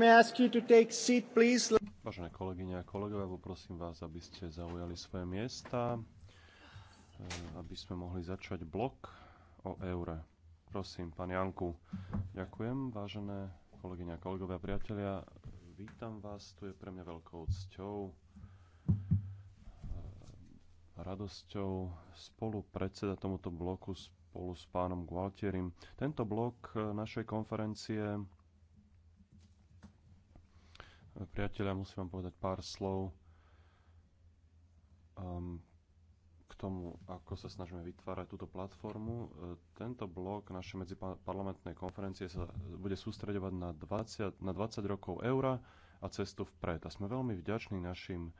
Vážené kolegyne a kolegovia, poprosím vás, aby ste zaujali svoje miesta, eh, aby sme mohli začať blok o eure. Prosím, pán Janku. Ďakujem, vážené kolegyne a kolegovia, priatelia. Vítam vás, tu je pre mňa veľkou cťou eh, radosťou spolu predseda tomuto bloku spolu s pánom Gualtierim. Tento blok eh, našej konferencie Priatelia, musím vám povedať pár slov um, k tomu, ako sa snažíme vytvárať túto platformu. E, tento blok našej medziparlamentnej konferencie sa bude sústredovať na 20, na 20 rokov eura a cestu vpred. A sme veľmi vďační našim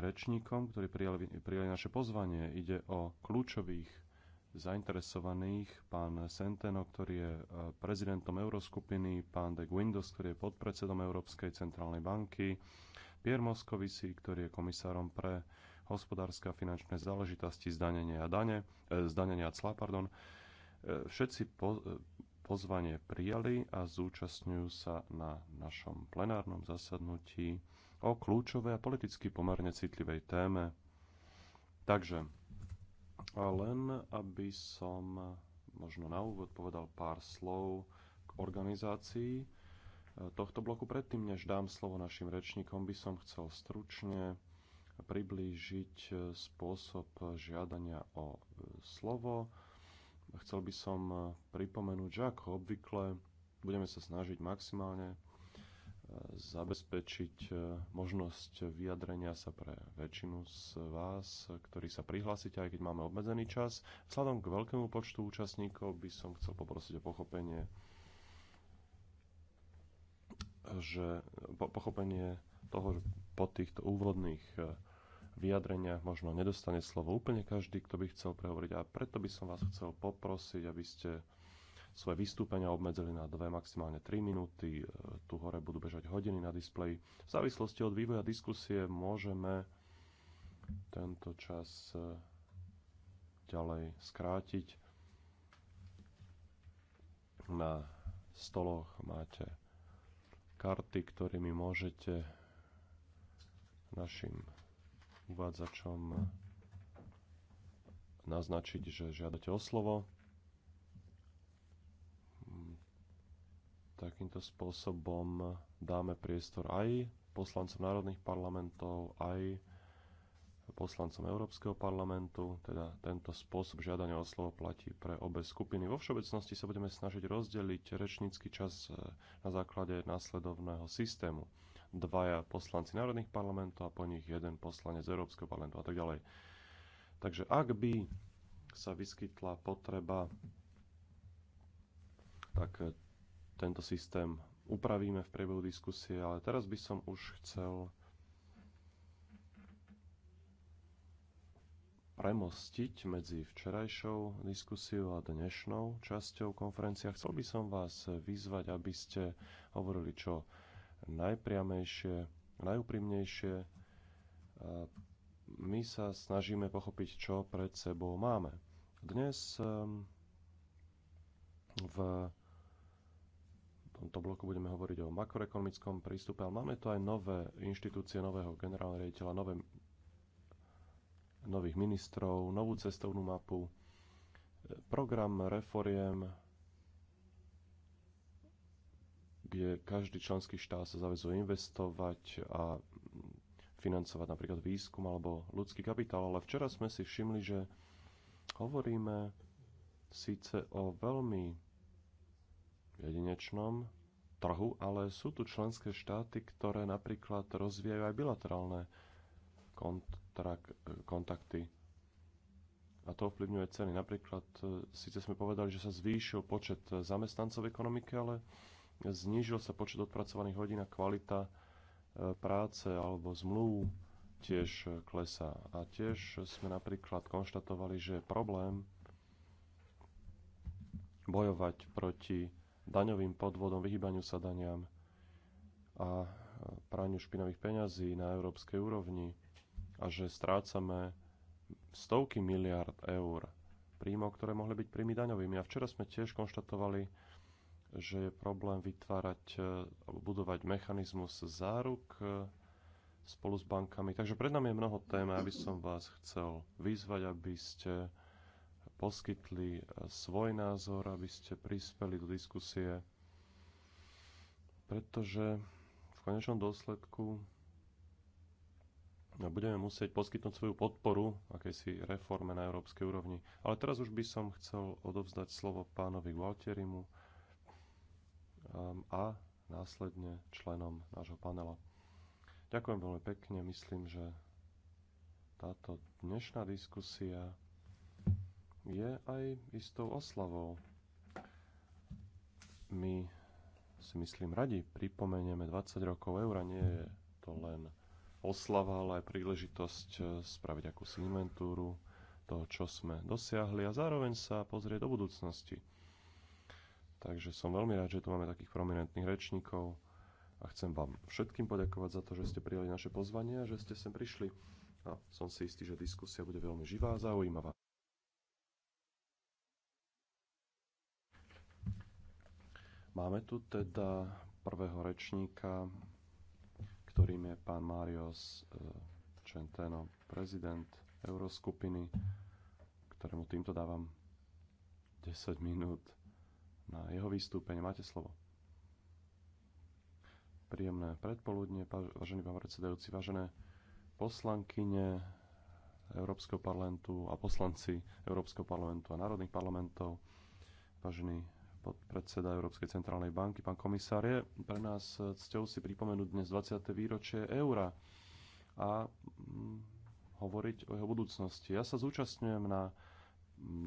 rečníkom, ktorí prijali, prijali naše pozvanie. Ide o kľúčových zainteresovaných, pán Senteno, ktorý je e, prezidentom Euroskupiny, pán de Guindos, ktorý je podpredsedom Európskej centrálnej banky, Pier Moscovici, ktorý je komisárom pre hospodárske a finančné záležitosti zdanenia a dane, eh, zdanenia cla, pardon. E, všetci po, e, pozvanie prijali a zúčastňujú sa na našom plenárnom zasadnutí o kľúčovej a politicky pomerne citlivej téme. Takže a len aby som možno na úvod povedal pár slov k organizácii e, tohto bloku. Predtým, než dám slovo našim rečníkom, by som chcel stručne priblížiť e, spôsob žiadania o e, slovo. Chcel by som pripomenúť, že ako obvykle budeme sa snažiť maximálne zabezpečiť e, možnosť vyjadrenia sa pre väčšinu z vás, ktorí sa prihlásite, aj keď máme obmedzený čas. Vzhľadom k veľkému počtu účastníkov by som chcel poprosiť o pochopenie, že po, pochopenie toho, že po týchto úvodných e, vyjadreniach možno nedostane slovo úplne každý, kto by chcel prehovoriť. A preto by som vás chcel poprosiť, aby ste svoje vystúpenia obmedzili na dve, maximálne 3 minúty. E, tu hore budú bežať hodiny na displeji. V závislosti od vývoja diskusie môžeme tento čas e, ďalej skrátiť. Na stoloch máte karty, ktorými môžete našim uvádzačom naznačiť, že žiadate o slovo. takýmto spôsobom dáme priestor aj poslancom národných parlamentov, aj poslancom Európskeho parlamentu. Teda tento spôsob žiadania o slovo platí pre obe skupiny. Vo všeobecnosti sa budeme snažiť rozdeliť rečnícky čas e, na základe následovného systému. Dvaja poslanci národných parlamentov a po nich jeden poslanec Európskeho parlamentu a tak ďalej. Takže ak by sa vyskytla potreba, tak e, tento systém upravíme v priebehu diskusie, ale teraz by som už chcel premostiť medzi včerajšou diskusiou a dnešnou časťou konferencia. Chcel by som vás vyzvať, aby ste hovorili čo najpriamejšie, najúprimnejšie. My sa snažíme pochopiť, čo pred sebou máme. Dnes ehm, v tomto bloku budeme hovoriť o makroekonomickom prístupe, ale máme tu aj nové inštitúcie, nového generálneho riaditeľa, nové, nových ministrov, novú cestovnú mapu, program reforiem, kde každý členský štát sa zavezuje investovať a financovať napríklad výskum alebo ľudský kapitál, ale včera sme si všimli, že hovoríme síce o veľmi jedinečnom trhu, ale sú tu členské štáty, ktoré napríklad rozvíjajú aj bilaterálne kontrak, kontakty. A to ovplyvňuje ceny. Napríklad, e, síce sme povedali, že sa zvýšil počet zamestnancov v ekonomike, ale znížil sa počet odpracovaných hodín a kvalita e, práce alebo zmluv tiež e, klesá. A tiež sme napríklad konštatovali, že je problém bojovať proti daňovým podvodom, vyhýbaniu sa daniam a praniu špinavých peňazí na európskej úrovni a že strácame stovky miliard eur príjmov, ktoré mohli byť príjmy daňovými. A včera sme tiež konštatovali, že je problém vytvárať e, alebo budovať mechanizmus záruk e, spolu s bankami. Takže pred nami je mnoho tém, aby som vás chcel vyzvať, aby ste poskytli eh, svoj názor, aby ste prispeli do diskusie, pretože v konečnom dôsledku eh, budeme musieť poskytnúť svoju podporu akejsi reforme na európskej úrovni. Ale teraz už by som chcel odovzdať slovo pánovi Gualtierimu eh, a následne členom nášho panela. Ďakujem veľmi pekne, myslím, že táto dnešná diskusia je aj istou oslavou. My si myslím radi pripomenieme 20 rokov eura, nie je to len oslava, ale aj príležitosť eh, spraviť akúsi inventúru toho, čo sme dosiahli a zároveň sa pozrieť do budúcnosti. Takže som veľmi rád, že tu máme takých prominentných rečníkov a chcem vám všetkým poďakovať za to, že ste prijali naše pozvanie a že ste sem prišli. A som si istý, že diskusia bude veľmi živá a zaujímavá. Máme tu teda prvého rečníka, ktorým je pán Marios e, Centeno, prezident Euroskupiny, ktorému týmto dávam 10 minút na jeho vystúpenie. Máte slovo. Príjemné predpoludne, vážený pán predsedajúci, vážené poslankyne Európskeho parlamentu a poslanci Európskeho parlamentu a národných parlamentov, vážení podpredseda Európskej centrálnej banky. Pán komisár, je pre nás cťou si pripomenúť dnes 20. výročie eura a mm, hovoriť o jeho budúcnosti. Ja sa zúčastňujem na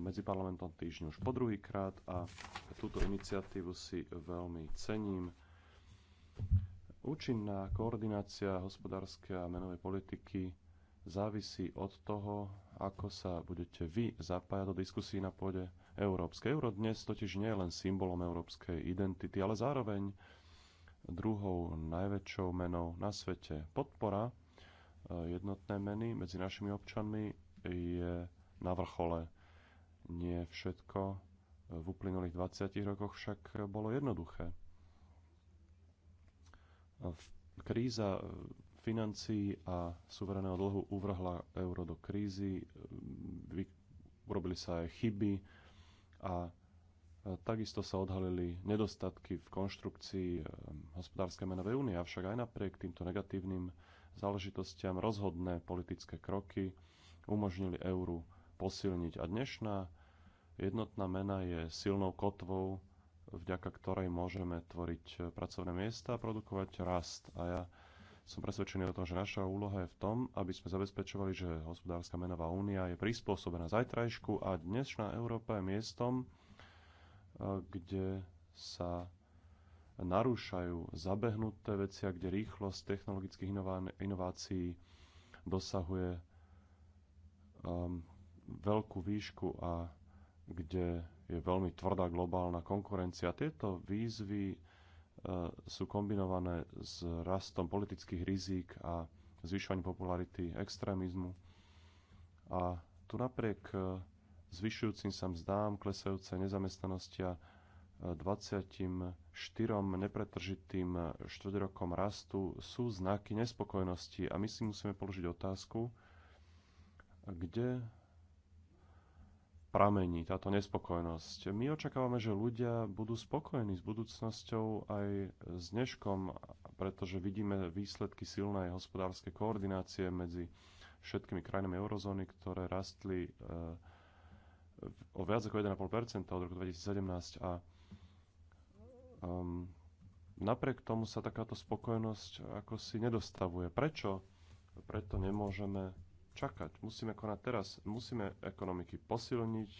medziparlamentom týždňu už po druhýkrát a túto iniciatívu si veľmi cením. Účinná koordinácia hospodárskej a menovej politiky závisí od toho, ako sa budete vy zapájať do diskusí na pôde európske. Euro dnes totiž nie je len symbolom európskej identity, ale zároveň druhou najväčšou menou na svete. Podpora e, jednotné meny medzi našimi občanmi je na vrchole. Nie všetko v uplynulých 20 rokoch však bolo jednoduché. Kríza e, financií a suvereného dlhu uvrhla euro do krízy, urobili sa aj chyby, a e, Takisto sa odhalili nedostatky v konštrukcii e, hospodárskej menovej únie, avšak aj napriek týmto negatívnym záležitostiam rozhodné politické kroky umožnili euru posilniť. A dnešná jednotná mena je silnou kotvou, vďaka ktorej môžeme tvoriť e, pracovné miesta a produkovať rast. A ja som presvedčený o tom, že naša úloha je v tom, aby sme zabezpečovali, že hospodárska menová únia je prispôsobená zajtrajšku a dnešná Európa je miestom, e, kde sa narúšajú zabehnuté veci a kde rýchlosť technologických inovácií dosahuje um, veľkú výšku a kde je veľmi tvrdá globálna konkurencia. Tieto výzvy E, sú kombinované s rastom politických rizík a zvyšovaním popularity extrémizmu. A tu napriek e, zvyšujúcim sa mzdám, klesajúcej nezamestnanosti a 24 e, nepretržitým štvrťrokom rastu sú znaky nespokojnosti a my si musíme položiť otázku, kde pramení táto nespokojnosť. My očakávame, že ľudia budú spokojní s budúcnosťou aj s dneškom, pretože vidíme výsledky silnej hospodárskej koordinácie medzi všetkými krajinami eurozóny, ktoré rastli e, o viac ako 1,5% od roku 2017 a um, napriek tomu sa takáto spokojnosť ako si nedostavuje. Prečo? Preto nemôžeme čakať. Musíme konať teraz. Musíme ekonomiky posilniť,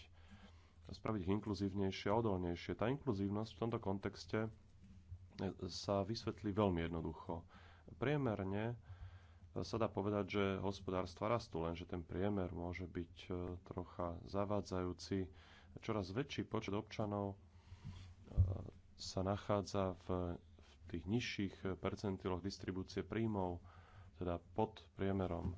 spraviť ich inkluzívnejšie a odolnejšie. Tá inkluzívnosť v tomto kontexte e, sa vysvetlí veľmi jednoducho. Priemerne e, sa dá povedať, že hospodárstva rastú, lenže ten priemer môže byť e, trocha zavádzajúci. Čoraz väčší počet občanov sa nachádza v, v tých nižších percentiloch distribúcie príjmov, teda pod priemerom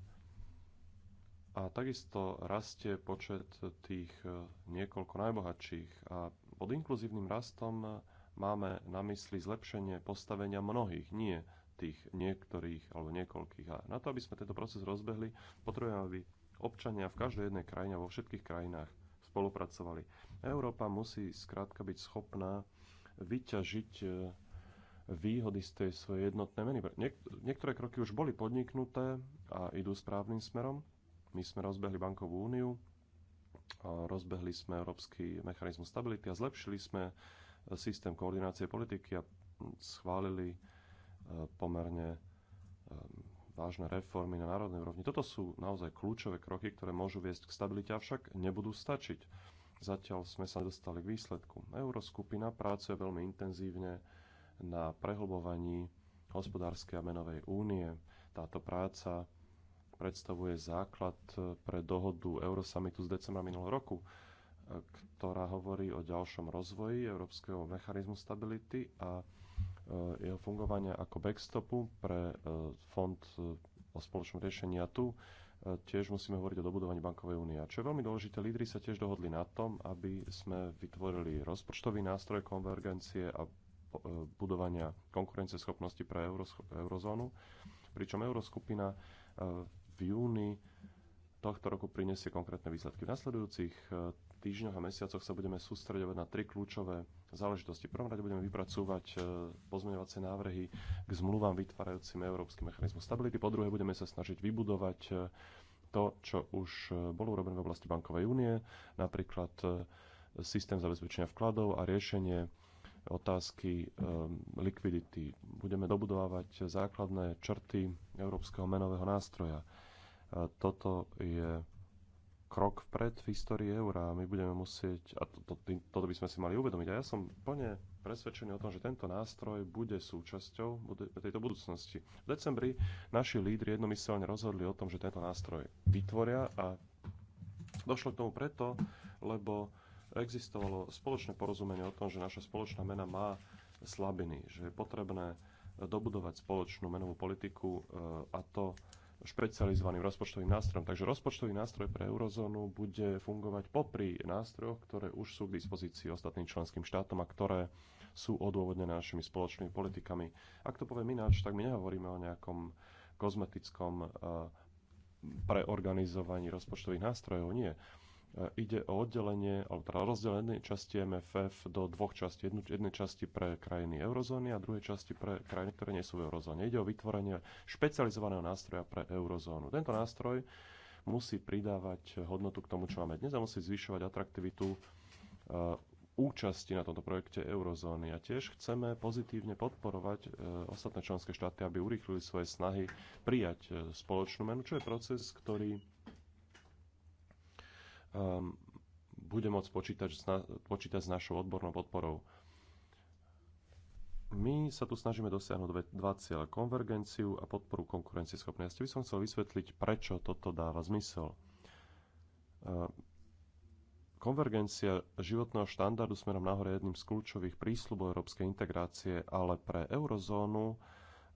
a takisto rastie počet tých e, niekoľko najbohatších. A pod inkluzívnym rastom e, máme na mysli zlepšenie postavenia mnohých, nie tých niektorých alebo niekoľkých. A na to, aby sme tento proces rozbehli, potrebujeme, aby občania v každej jednej krajine a vo všetkých krajinách spolupracovali. Európa musí skrátka byť schopná vyťažiť e, výhody z tej svojej jednotnej meny. Niektoré kroky už boli podniknuté a idú správnym smerom, my sme rozbehli bankovú úniu, rozbehli sme Európsky mechanizmus stability a zlepšili sme e, systém koordinácie politiky a mm, schválili e, pomerne e, vážne reformy na národnej úrovni. Toto sú naozaj kľúčové kroky, ktoré môžu viesť k stabilite, avšak nebudú stačiť. Zatiaľ sme sa nedostali k výsledku. Euroskupina pracuje veľmi intenzívne na prehlbovaní hospodárskej a menovej únie. Táto práca predstavuje základ e, pre dohodu Eurosamitu z decembra minulého roku, e, ktorá hovorí o ďalšom rozvoji Európskeho mechanizmu stability a e, jeho fungovania ako backstopu pre fond o spoločnom riešení a tu tiež musíme hovoriť o dobudovaní bankovej únie. A čo je veľmi dôležité, lídry sa tiež dohodli na tom, aby sme vytvorili rozpočtový nástroj konvergencie a budovania konkurencieschopnosti pre eurozónu, pričom euroskupina v júni tohto roku prinesie konkrétne výsledky. V nasledujúcich e, týždňoch a mesiacoch sa budeme sústredovať na tri kľúčové záležitosti. V prvom rade budeme vypracúvať e, pozmeňovacie návrhy k zmluvám vytvárajúcim Európsky mechanizmus stability. Po druhé budeme sa snažiť vybudovať e, to, čo už bolo urobené v oblasti bankovej únie, napríklad systém zabezpečenia vkladov a riešenie otázky likvidity. Budeme dobudovávať základné črty Európskeho menového nástroja. Toto je krok vpred v histórii eura a my budeme musieť, a to, to, toto by sme si mali uvedomiť, a ja som plne presvedčený o tom, že tento nástroj bude súčasťou bude, tejto budúcnosti. V decembri naši lídri jednomyselne rozhodli o tom, že tento nástroj vytvoria a došlo k tomu preto, lebo existovalo spoločné porozumenie o tom, že naša spoločná mena má slabiny, že je potrebné dobudovať spoločnú menovú politiku e, a to špecializovaným rozpočtovým nástrojom. Takže rozpočtový nástroj pre eurozónu bude fungovať popri nástrojoch, ktoré už sú k dispozícii ostatným členským štátom a ktoré sú odôvodnené našimi spoločnými politikami. Ak to poviem ináč, tak my nehovoríme o nejakom kozmetickom eh, preorganizovaní rozpočtových nástrojov. Nie. E, ide o oddelenie, alebo teda rozdelenie časti MFF do dvoch častí. jednej časti pre krajiny eurozóny a druhej časti pre krajiny, ktoré nie sú v eurozóne. Ide o vytvorenie špecializovaného nástroja pre eurozónu. Tento nástroj musí pridávať hodnotu k tomu, čo máme dnes a musí zvyšovať atraktivitu e, účasti na tomto projekte eurozóny. A tiež chceme pozitívne podporovať e, ostatné členské štáty, aby urýchlili svoje snahy prijať spoločnú menu, čo je proces, ktorý Ehm, bude môcť počítať, počítať s našou odbornou podporou. My sa tu snažíme dosiahnuť dve, dva cieľa, konvergenciu a podporu konkurencieschopnej. Ja by som chcel vysvetliť, prečo toto dáva zmysel. Ehm, konvergencia životného štandardu smerom nahor je jedným z kľúčových prísľubov európskej integrácie, ale pre eurozónu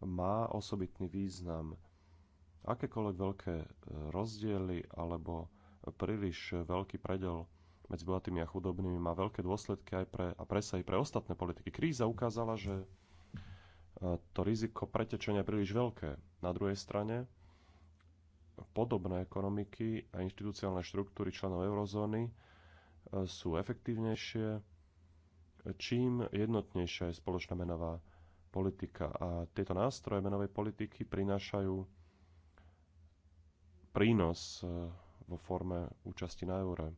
má osobitný význam. Akékoľvek veľké e, rozdiely alebo príliš veľký predel medzi bohatými a chudobnými má veľké dôsledky aj pre, a aj pre ostatné politiky. Kríza ukázala, že e, to riziko pretečenia je príliš veľké. Na druhej strane, podobné ekonomiky a inštitúciálne štruktúry členov eurozóny e, sú efektívnejšie, čím jednotnejšia je spoločná menová politika. A tieto nástroje menovej politiky prinášajú prínos e, vo forme účasti na eure. E,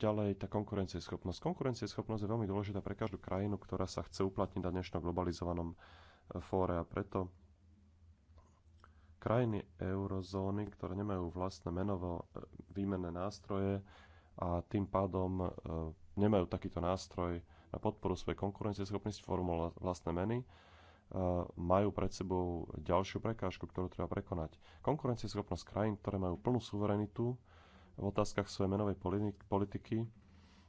ďalej tá konkurencieschopnosť. Konkurencieschopnosť je veľmi dôležitá pre každú krajinu, ktorá sa chce uplatniť na dnešnom globalizovanom e, fóre a preto krajiny eurozóny, ktoré nemajú vlastné menovo e, výmenné nástroje a tým pádom nemajú takýto nástroj na podporu svojej konkurencieschopnosti formou vlastné meny, majú pred sebou ďalšiu prekážku, ktorú treba prekonať. Konkurencieschopnosť krajín, ktoré majú plnú suverenitu v otázkach svojej menovej politiky,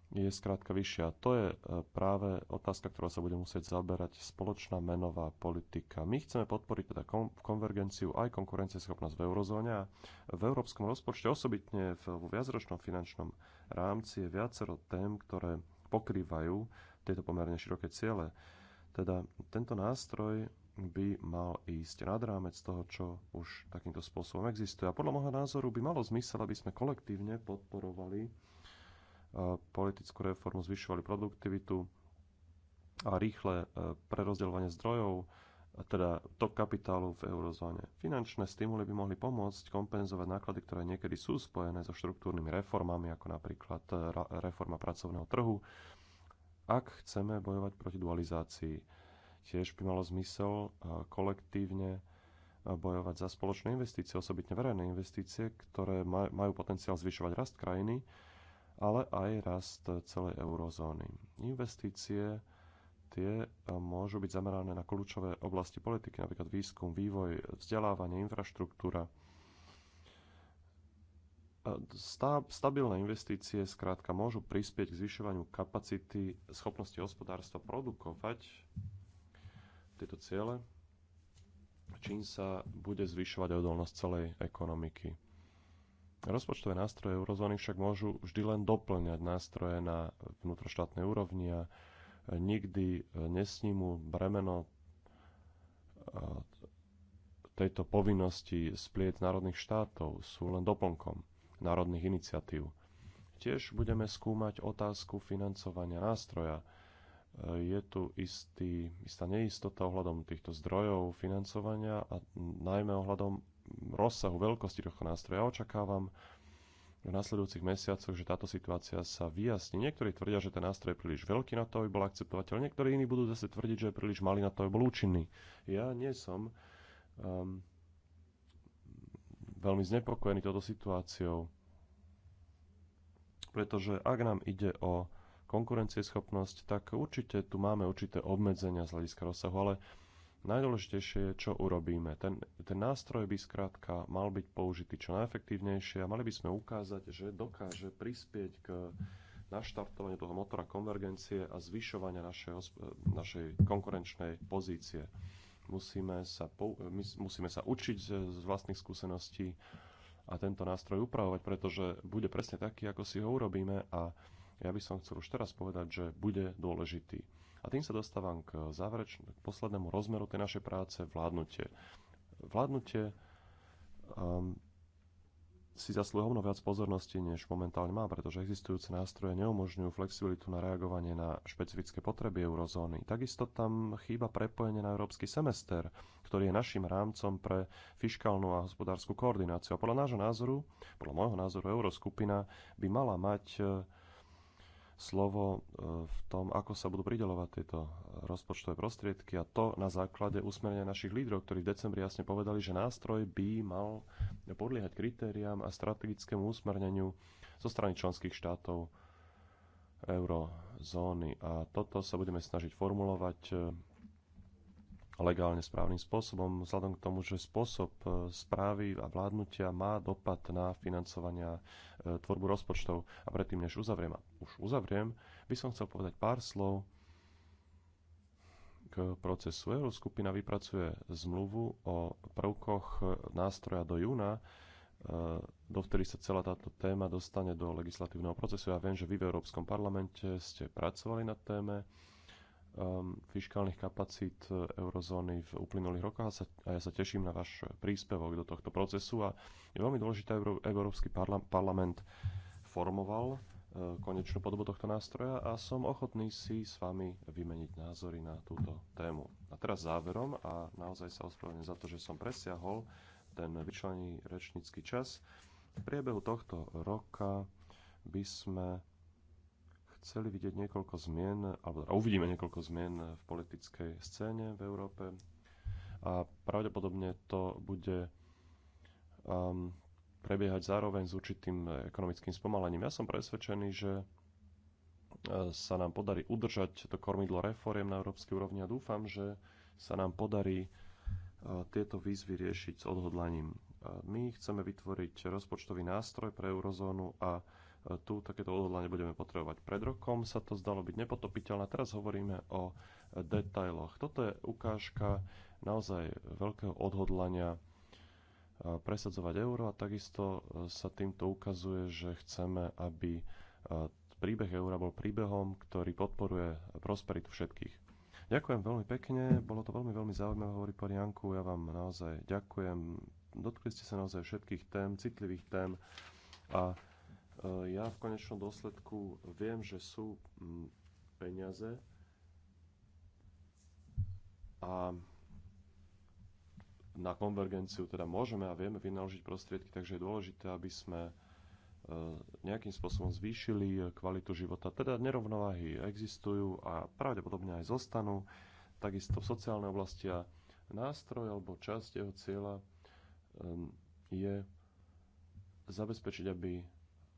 je skrátka vyššia. To je e, práve otázka, ktorá sa bude musieť zaberať spoločná menová politika. My chceme podporiť teda konvergenciu aj konkurencieschopnosť v eurozóne a v európskom rozpočte, osobitne v viacročnom finančnom rámci, je viacero tém, ktoré pokrývajú tieto pomerne široké ciele. Teda tento nástroj by mal ísť nad rámec toho, čo už takýmto spôsobom existuje. A podľa môjho názoru by malo zmysel, aby sme kolektívne podporovali e, politickú reformu, zvyšovali produktivitu a rýchle e, prerozdeľovanie zdrojov, teda tok kapitálu v eurozóne. Finančné stimuly by mohli pomôcť kompenzovať náklady, ktoré niekedy sú spojené so štruktúrnymi reformami, ako napríklad e, reforma pracovného trhu, ak chceme bojovať proti dualizácii. Tiež by malo zmysel e, kolektívne e, bojovať za spoločné investície, osobitne verejné investície, ktoré majú potenciál zvyšovať rast krajiny, ale aj rast celej eurozóny. Investície tie e, môžu byť zamerané na kľúčové oblasti politiky, napríklad výskum, vývoj, vzdelávanie, infraštruktúra, stabilné investície skrátka môžu prispieť k zvyšovaniu kapacity schopnosti hospodárstva produkovať tieto ciele, čím sa bude zvyšovať odolnosť celej ekonomiky. Rozpočtové nástroje eurozóny však môžu vždy len doplňať nástroje na vnútroštátnej úrovni a nikdy nesnímu bremeno e, tejto povinnosti splieť národných štátov, sú len doplnkom národných iniciatív. Tiež budeme skúmať otázku financovania nástroja. E, je tu istý, istá neistota ohľadom týchto zdrojov financovania a najmä ohľadom rozsahu veľkosti tohto nástroja. Očakávam v nasledujúcich mesiacoch, že táto situácia sa vyjasní. Niektorí tvrdia, že ten nástroj je príliš veľký na to, aby bol akceptovateľ. Niektorí iní budú zase tvrdiť, že je príliš malý na to, aby bol účinný. Ja nie som um, veľmi znepokojení touto situáciou, pretože ak nám ide o konkurencieschopnosť, tak určite tu máme určité obmedzenia z hľadiska rozsahu, ale najdôležitejšie je, čo urobíme. Ten, ten nástroj by skrátka mal byť použitý čo najefektívnejšie a mali by sme ukázať, že dokáže prispieť k naštartovaniu toho motora konvergencie a zvyšovania našej, našej konkurenčnej pozície musíme sa, musíme sa učiť z vlastných skúseností a tento nástroj upravovať, pretože bude presne taký, ako si ho urobíme a ja by som chcel už teraz povedať, že bude dôležitý. A tým sa dostávam k, záverečnému, k poslednému rozmeru tej našej práce, vládnutie. Vládnutie um, si zaslúhovno viac pozornosti, než momentálne má, pretože existujúce nástroje neumožňujú flexibilitu na reagovanie na špecifické potreby eurozóny. Takisto tam chýba prepojenie na európsky semester, ktorý je našim rámcom pre fiškálnu a hospodárskú koordináciu. A podľa nášho názoru, podľa môjho názoru, euroskupina by mala mať eh, slovo e, v tom, ako sa budú pridelovať tieto rozpočtové prostriedky a to na základe usmerenia našich lídrov, ktorí v decembri jasne povedali, že nástroj by mal podliehať kritériám a strategickému usmerneniu zo strany členských štátov eurozóny. A toto sa budeme snažiť formulovať e, legálne správnym spôsobom, vzhľadom k tomu, že spôsob e, správy a vládnutia má dopad na financovania e, tvorbu rozpočtov. A predtým, než uzavriem, a už uzavriem, by som chcel povedať pár slov k procesu. Euroskupina vypracuje zmluvu o prvkoch e, nástroja do júna, do vtedy sa celá táto téma dostane do legislatívneho procesu. Ja viem, že vy v Európskom parlamente ste pracovali na téme um, fiskálnych kapacít e, eurozóny v uplynulých rokoch a, sa, a ja sa teším na váš príspevok do tohto procesu a je veľmi dôležité, aby Európsky parla- parlament formoval uh, konečnú podobu tohto nástroja a som ochotný si s vami vymeniť názory na túto tému. A teraz záverom a naozaj sa ospravedlňujem za to, že som presiahol ten vyčlený rečnícky čas. V priebehu tohto roka by sme chceli vidieť niekoľko zmien, alebo teda uvidíme niekoľko zmien v politickej scéne v Európe a pravdepodobne to bude um, prebiehať zároveň s určitým ekonomickým spomalením. Ja som presvedčený, že uh, sa nám podarí udržať to kormidlo reforiem na európskej úrovni a dúfam, že sa nám podarí uh, tieto výzvy riešiť s odhodlaním. Uh, my chceme vytvoriť rozpočtový nástroj pre eurozónu a tu takéto odhodlanie budeme potrebovať. Pred rokom sa to zdalo byť nepotopiteľné, teraz hovoríme o detailoch. Toto je ukážka naozaj veľkého odhodlania presadzovať euro a takisto e, sa týmto ukazuje, že chceme, aby e, príbeh eura bol príbehom, ktorý podporuje prosperitu všetkých. Ďakujem veľmi pekne, bolo to veľmi, veľmi zaujímavé, hovorí pán Janku, ja vám naozaj ďakujem. Dotkli ste sa naozaj všetkých tém, citlivých tém a Eh, ja v konečnom dôsledku viem, že sú mm, peniaze a na konvergenciu teda môžeme a vieme vynaložiť prostriedky, takže je dôležité, aby sme eh, nejakým spôsobom zvýšili kvalitu života. Teda nerovnováhy existujú a pravdepodobne aj zostanú. Takisto v sociálnej oblasti a nástroj alebo časť jeho cieľa ehm, je zabezpečiť, aby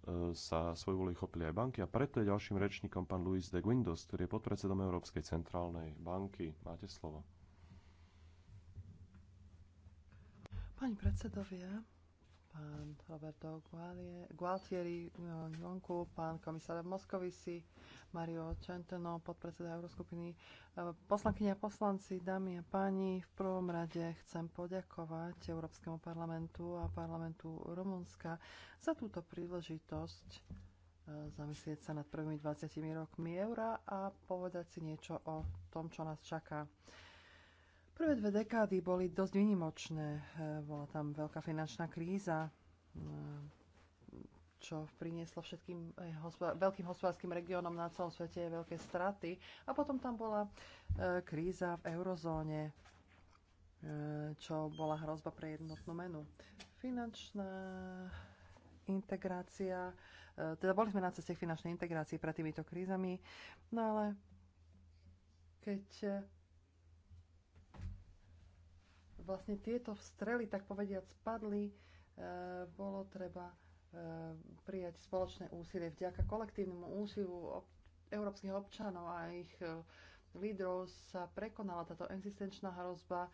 E, sa svoj vôli chopili aj banky a preto je ďalším rečníkom pán Luis de Guindos, ktorý je podpredsedom Európskej centrálnej banky. Máte slovo. Pani predsedovia, pán Roberto Gualtieri, eh, Jonku, pán komisár Moskovisi, Mario Centeno, podpredseda Euroskupiny, eh, a poslanci, dámy a páni, v prvom rade chcem poďakovať Európskemu parlamentu a parlamentu Rumunska za túto príležitosť eh, zamyslieť sa nad prvými 20 rokmi eura a povedať si niečo o tom, čo nás čaká. Prvé dve dekády boli dosť vynimočné. E, bola tam veľká finančná kríza, e, čo prinieslo všetkým e, veľkým hospodárským regiónom na celom svete veľké straty. A potom tam bola kríza v eurozóne, čo bola hrozba pre jednotnú menu. Finančná integrácia, teda boli sme na ceste k finančnej integrácii pred týmito krízami, no ale keď vlastne tieto strely, tak povediať, spadli, e, bolo treba e, prijať spoločné úsilie. Vďaka kolektívnemu úsiliu ob európskych občanov a ich e, lídrov sa prekonala táto existenčná hrozba.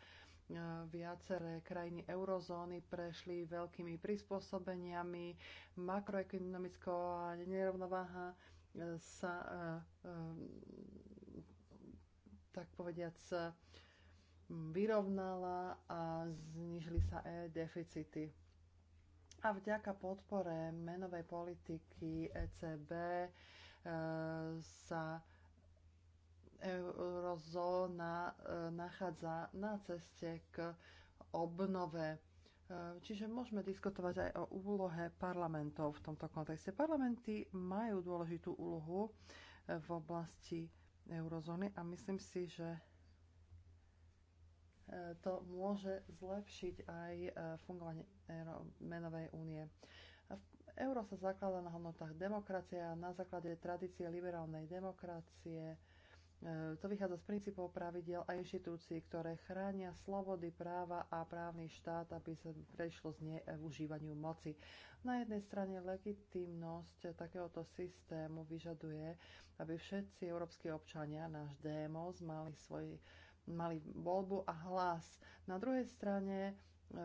Viaceré krajiny eurozóny prešli veľkými prispôsobeniami, makroekonomická nerovnováha sa, tak povediac, vyrovnala a znižili sa e deficity. A vďaka podpore menovej politiky ECB e, sa eurozóna e, nachádza na ceste k obnove. E, čiže môžeme diskutovať aj o úlohe parlamentov v tomto kontexte. Parlamenty majú dôležitú úlohu v oblasti eurozóny a myslím si, že to môže zlepšiť aj e, fungovanie menovej únie. Euro sa zakladá na hodnotách demokracie a na základe tradície liberálnej demokracie. E, to vychádza z princípov pravidel a inštitúcií, ktoré chránia slobody práva a právny štát, aby sa prešlo z neužívaniu moci. Na jednej strane legitimnosť takéhoto systému vyžaduje, aby všetci európsky občania, náš démos, mali svoj mali voľbu a hlas. Na druhej strane e,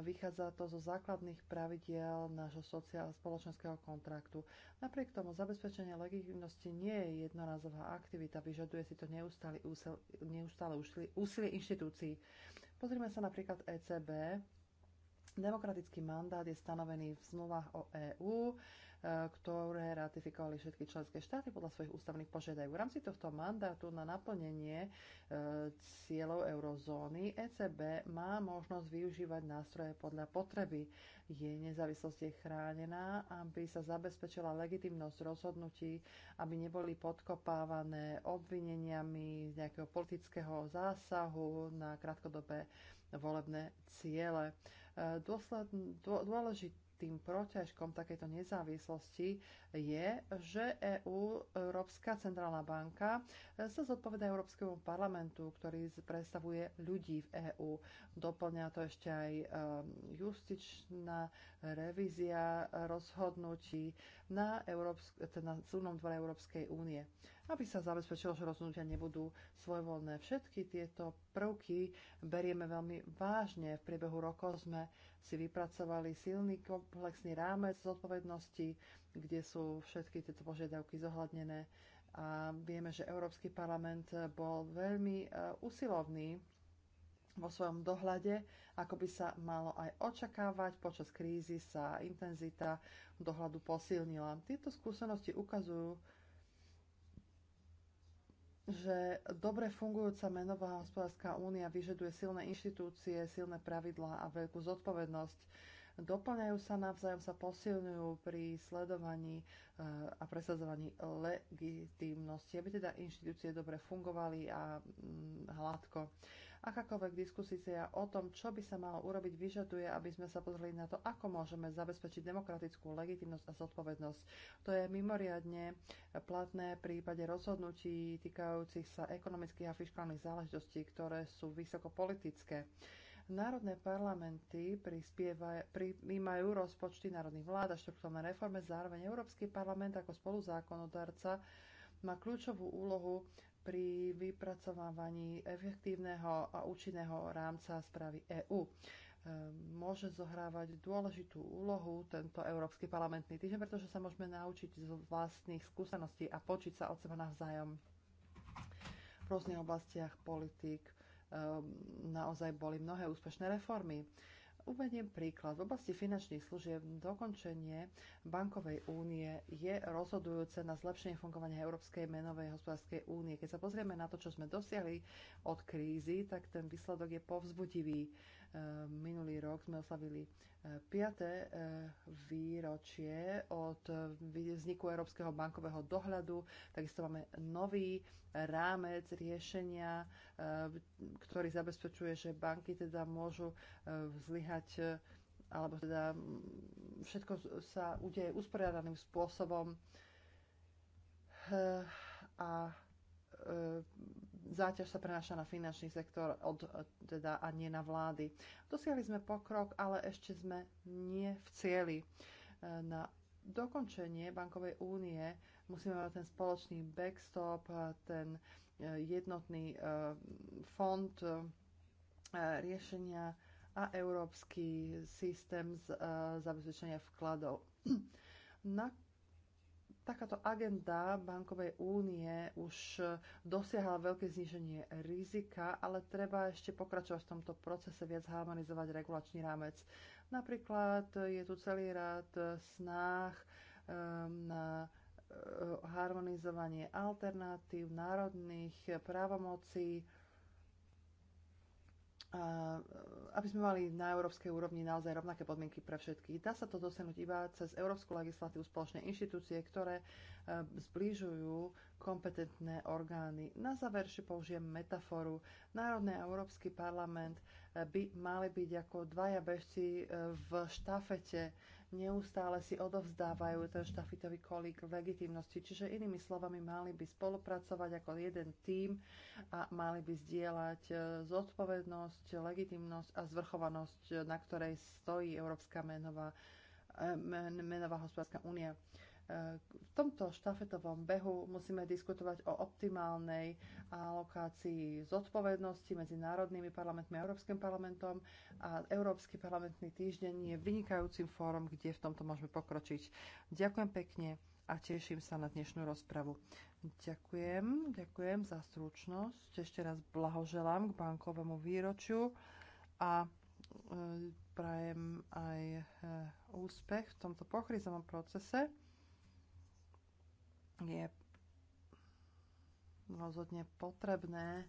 Vychádza to zo základných pravidiel nášho sociál spoločenského kontraktu. Napriek tomu zabezpečenie legitimnosti nie je jednorazová aktivita, vyžaduje si to neustále, úsil, neustále úsilie inštitúcií. Pozrime sa napríklad ECB. Demokratický mandát je stanovený v zmluvách o EÚ ktoré ratifikovali všetky členské štáty podľa svojich ústavných požiadajú. V rámci tohto mandátu na naplnenie e, cieľov eurozóny ECB má možnosť využívať nástroje podľa potreby. Jej nezávislosť je chránená, aby sa zabezpečila legitimnosť rozhodnutí, aby neboli podkopávané obvineniami z nejakého politického zásahu na krátkodobé volebné ciele. E, dôsled, dô, dôležité tým protiažkom takejto nezávislosti je, že EU, Európska centrálna banka, e, sa zodpoveda Európskemu parlamentu, ktorý predstavuje ľudí v EÚ. Doplňa to ešte aj e, justičná revízia rozhodnutí na, Európsk- e, teda na súdnom dvore Európskej únie, aby sa zabezpečilo, že rozhodnutia nebudú svojvoľné. Všetky tieto prvky berieme veľmi vážne. V priebehu rokov sme si vypracovali silný komplexný rámec zodpovednosti, kde sú všetky tieto požiadavky zohľadnené. A vieme, že Európsky parlament bol veľmi e, usilovný vo svojom dohľade, ako by sa malo aj očakávať, počas krízy sa intenzita dohľadu posilnila. Tieto skúsenosti ukazujú, že dobre fungujúca menová hospodárska únia vyžaduje silné inštitúcie, silné pravidlá a veľkú zodpovednosť. Doplňajú sa navzájom, sa posilňujú pri sledovaní eh, a presadzovaní legitímnosti, aby teda inštitúcie dobre fungovali a mm, hladko. Akákoľvek diskusia o tom, čo by sa malo urobiť, vyžaduje, aby sme sa pozreli na to, ako môžeme zabezpečiť demokratickú legitimnosť a zodpovednosť. To je mimoriadne platné v prípade rozhodnutí týkajúcich sa ekonomických a fiskálnych záležitostí, ktoré sú vysoko politické. Národné parlamenty prijímajú rozpočty národných vlád a štruktúrne reforme, zároveň Európsky parlament ako spoluzákonodarca má kľúčovú úlohu pri vypracovávaní efektívneho a účinného rámca správy EÚ. E, môže zohrávať dôležitú úlohu tento Európsky parlamentný týždeň, pretože sa môžeme naučiť z vlastných skúseností a počiť sa od seba navzájom v rôznych oblastiach politík e, naozaj boli mnohé úspešné reformy. Uvediem príklad. V oblasti finančných služieb dokončenie bankovej únie je rozhodujúce na zlepšenie fungovania Európskej menovej hospodárskej únie. Keď sa pozrieme na to, čo sme dosiahli od krízy, tak ten výsledok je povzbudivý. Minulý rok sme oslavili 5. E, e, výročie od e, vzniku Európskeho bankového dohľadu. Takisto máme nový rámec riešenia, ktorý zabezpečuje, že banky teda môžu zlyhať alebo teda všetko sa udeje usporiadaným spôsobom a záťaž sa prenáša na finančný sektor od, teda, a nie na vlády. Dosiahli sme pokrok, ale ešte sme nie v cieli. E, na dokončenie bankovej únie musíme mať ten spoločný backstop, e, ten e, jednotný fond riešenia a európsky systém zabezpečenia vkladov. Na Takáto agenda bankovej únie už dosiahla veľké zníženie rizika, ale treba ešte pokračovať v tomto procese, viac harmonizovať regulačný rámec. Napríklad je tu celý rád snah ehm, na eh, harmonizovanie alternatív, národných právomocí, aby sme mali na európskej úrovni naozaj rovnaké podmienky pre všetkých. Dá sa to dosiahnuť iba cez európsku legislatívu spoločné inštitúcie, ktoré e, zbližujú kompetentné orgány. Na záver ešte použijem metaforu. Národný a Európsky parlament e, by mali byť ako dvaja bežci e, v štafete neustále si odovzdávajú ten štafetový kolík legitimnosti. Čiže inými slovami, mali by spolupracovať ako jeden tím a mali by zdieľať e, zodpovednosť, legitimnosť a zvrchovanosť, na ktorej stojí Európska menová, e, menová hospodárska únia. V tomto štafetovom behu musíme diskutovať o optimálnej alokácii zodpovednosti medzi národnými parlamentmi a Európskym parlamentom a Európsky parlamentný týždeň je vynikajúcim fórum, kde v tomto môžeme pokročiť. Ďakujem pekne a teším sa na dnešnú rozpravu. Ďakujem, ďakujem za stručnosť. Ešte raz blahoželám k bankovému výročiu a e, prajem aj e, úspech v tomto pochryzovom procese je rozhodne potrebné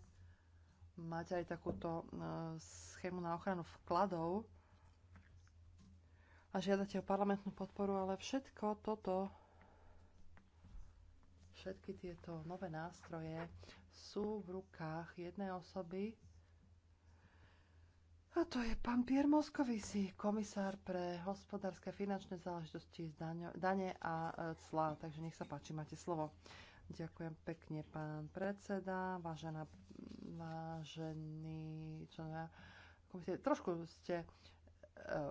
mať aj takúto e, schému na ochranu vkladov a žiadate o parlamentnú podporu, ale všetko toto, všetky tieto nové nástroje sú v rukách jednej osoby, a to je pán Pier Moskovici, komisár pre hospodárske a finančné záležitosti, dane a e, clá. Takže nech sa páči, máte slovo. Ďakujem pekne, pán predseda, vážená, vážení členovia komisie. Trošku ste e,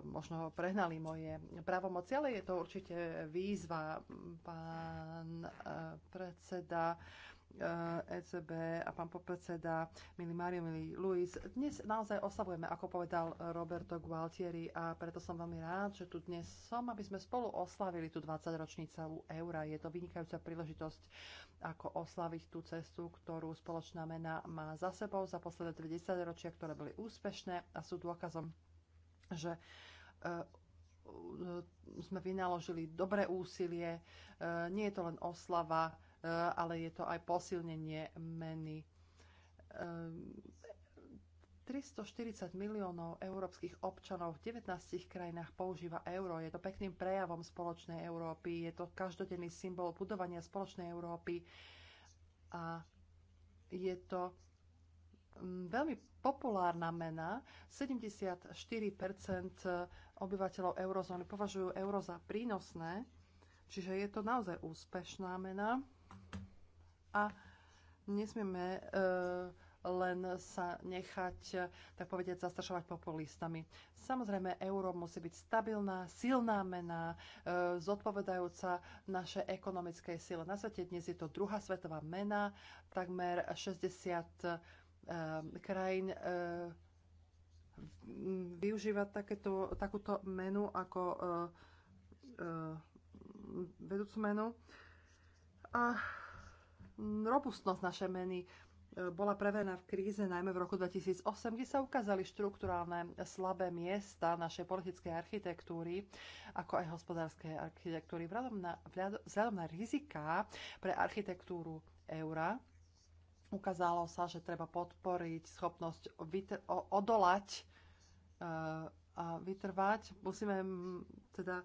možno prehnali moje právomoci, ale je to určite výzva, pán e, predseda. ECB eh, e a pán podpredseda, milý Mario, milý Luis. Dnes naozaj oslavujeme, ako povedal Roberto Gualtieri a preto som veľmi rád, že tu dnes som, aby sme spolu oslavili tú 20-ročnicu eura. Je to vynikajúca príležitosť, ako oslaviť tú cestu, ktorú spoločná mena má za sebou za posledné 20 ročia, ktoré boli úspešné a sú dôkazom, že eh, sme vynaložili dobré úsilie. Eh, nie je to len oslava Eh, ale je to aj posilnenie meny. 340 ehm, miliónov európskych občanov v 19 krajinách používa euro. Je to pekným prejavom spoločnej Európy, je to každodenný symbol budovania spoločnej Európy a je to mm, veľmi populárna mena. 74% eh, obyvateľov eurozóny považujú euro za prínosné, čiže je to naozaj úspešná mena. A nesmieme e, len sa nechať, e, tak povedať, zastrašovať populistami. Samozrejme, euro musí byť stabilná, silná mena, e, zodpovedajúca našej ekonomickej sile. Na svete dnes je to druhá svetová mena, takmer 60 e, krajín e, využíva takéto, takúto menu ako e, vedúcu menu a mm, robustnosť našej meny e, bola prevená v kríze najmä v roku 2008, kde sa ukázali štruktúrálne slabé miesta našej politickej architektúry, ako aj hospodárskej architektúry. Vzhľadom na, vzhľadom na riziká pre architektúru eura ukázalo sa, že treba podporiť schopnosť odolať e, a vytrvať. Musíme teda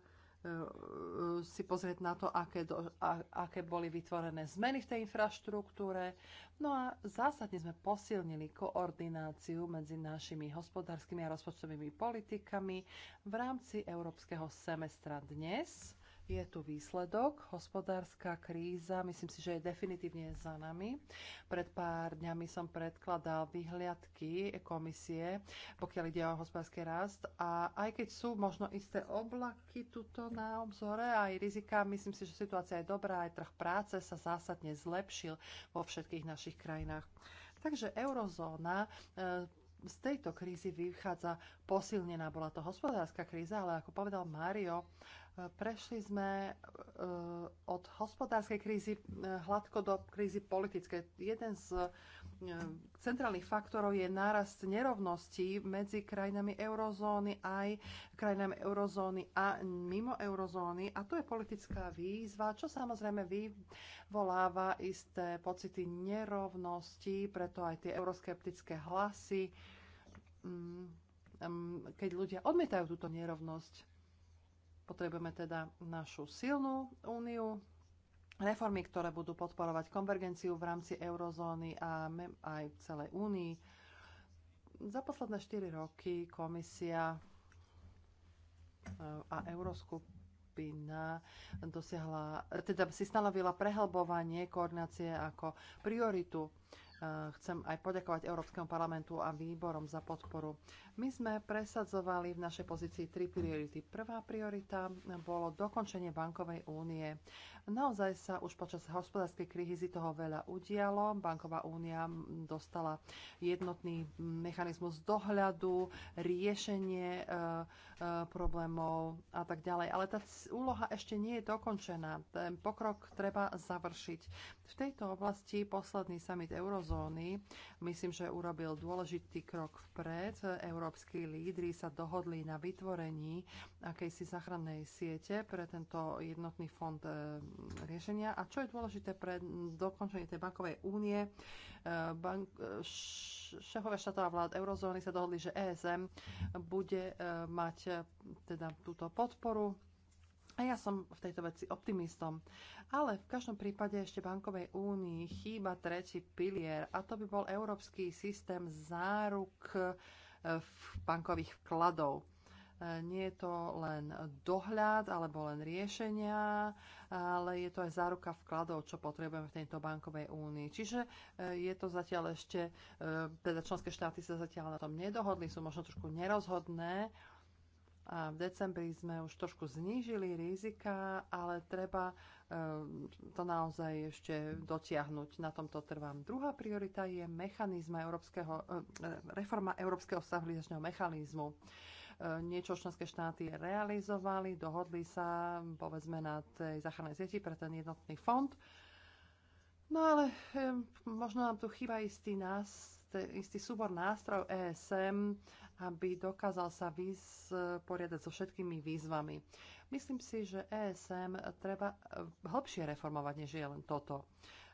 si pozrieť na to, aké, do, a, aké boli vytvorené zmeny v tej infraštruktúre. No a zásadne sme posilnili koordináciu medzi našimi hospodárskymi a rozpočtovými politikami v rámci európskeho semestra dnes je tu výsledok. Hospodárska kríza, myslím si, že je definitívne za nami. Pred pár dňami som predkladal vyhliadky komisie, pokiaľ ide o hospodársky rast. A aj keď sú možno isté oblaky tuto na obzore, aj rizika, myslím si, že situácia je dobrá, aj trh práce sa zásadne zlepšil vo všetkých našich krajinách. Takže eurozóna e, z tejto krízy vychádza posilnená. Bola to hospodárska kríza, ale ako povedal Mário, Prešli sme eh, od hospodárskej krízy eh, hladko do krízy politickej. Jeden z eh, centrálnych faktorov je nárast nerovností medzi krajinami eurozóny aj krajinami eurozóny a mimo eurozóny. A to je politická výzva, čo samozrejme vyvoláva isté pocity nerovnosti, preto aj tie euroskeptické hlasy, mm, mm, keď ľudia odmietajú túto nerovnosť Potrebujeme teda našu silnú úniu, reformy, ktoré budú podporovať konvergenciu v rámci eurozóny a aj v celej únii. Za posledné 4 roky komisia e, a Euroskupina dosiahla, teda si stanovila prehlbovanie koordinácie ako prioritu. Eh, chcem aj poďakovať Európskemu parlamentu a výborom za podporu. My sme presadzovali v našej pozícii tri priority. Prvá priorita bolo dokončenie bankovej únie. Naozaj sa už počas hospodárskej krízy toho veľa udialo. Banková únia dostala jednotný mechanizmus dohľadu, riešenie eh, eh, problémov a tak ďalej. Ale tá úloha ešte nie je dokončená. Ten pokrok treba završiť. V tejto oblasti posledný summit Euróz eurozóny. Myslím, že urobil dôležitý krok vpred. Európsky lídry sa dohodli na vytvorení akejsi záchrannej siete pre tento jednotný fond e, riešenia. A čo je dôležité pre dokončenie tej bankovej únie, e, bank, e, šéfovia štátov a vlád eurozóny sa dohodli, že ESM bude mať teda túto podporu a ja som v tejto veci optimistom. Ale v každom prípade ešte bankovej únii chýba tretí pilier a to by bol európsky systém záruk e, bankových vkladov. E, nie je to len dohľad alebo len riešenia, ale je to aj záruka vkladov, čo potrebujeme v tejto bankovej únii. Čiže e, je to zatiaľ ešte, teda členské štáty sa zatiaľ na tom nedohodli, sú možno trošku nerozhodné, a v decembri sme už trošku znížili rizika, ale treba e, to naozaj ešte dotiahnuť. Na tomto trvám. Druhá priorita je mechanizma európskeho, e, e, reforma európskeho stabilizačného mechanizmu. Niečo členské štáty realizovali, dohodli sa povedzme na tej záchrannej sieti pre ten jednotný fond. No ale možno nám tu chýba istý nás, istý súbor nástrojov ESM aby dokázal sa vysporiadať so všetkými výzvami. Myslím si, že ESM treba hlbšie reformovať, než je len toto.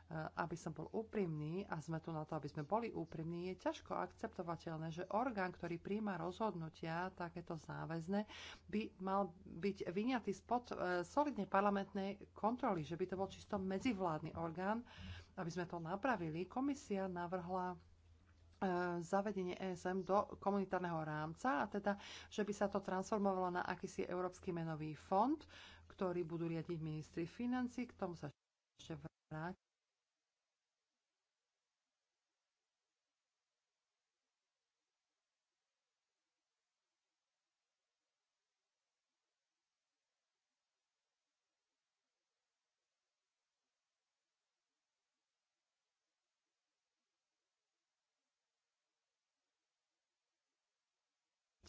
E, aby som bol úprimný, a sme tu na to, aby sme boli úprimní, je ťažko akceptovateľné, že orgán, ktorý príjma rozhodnutia takéto záväzne, by mal byť vyňatý spod e, solidnej parlamentnej kontroly, že by to bol čisto medzivládny orgán. Aby sme to napravili, komisia navrhla E, zavedenie ESM do komunitárneho rámca a teda, že by sa to transformovalo na akýsi Európsky menový fond, ktorý budú riadiť ministri financí, k tomu sa ešte vrátim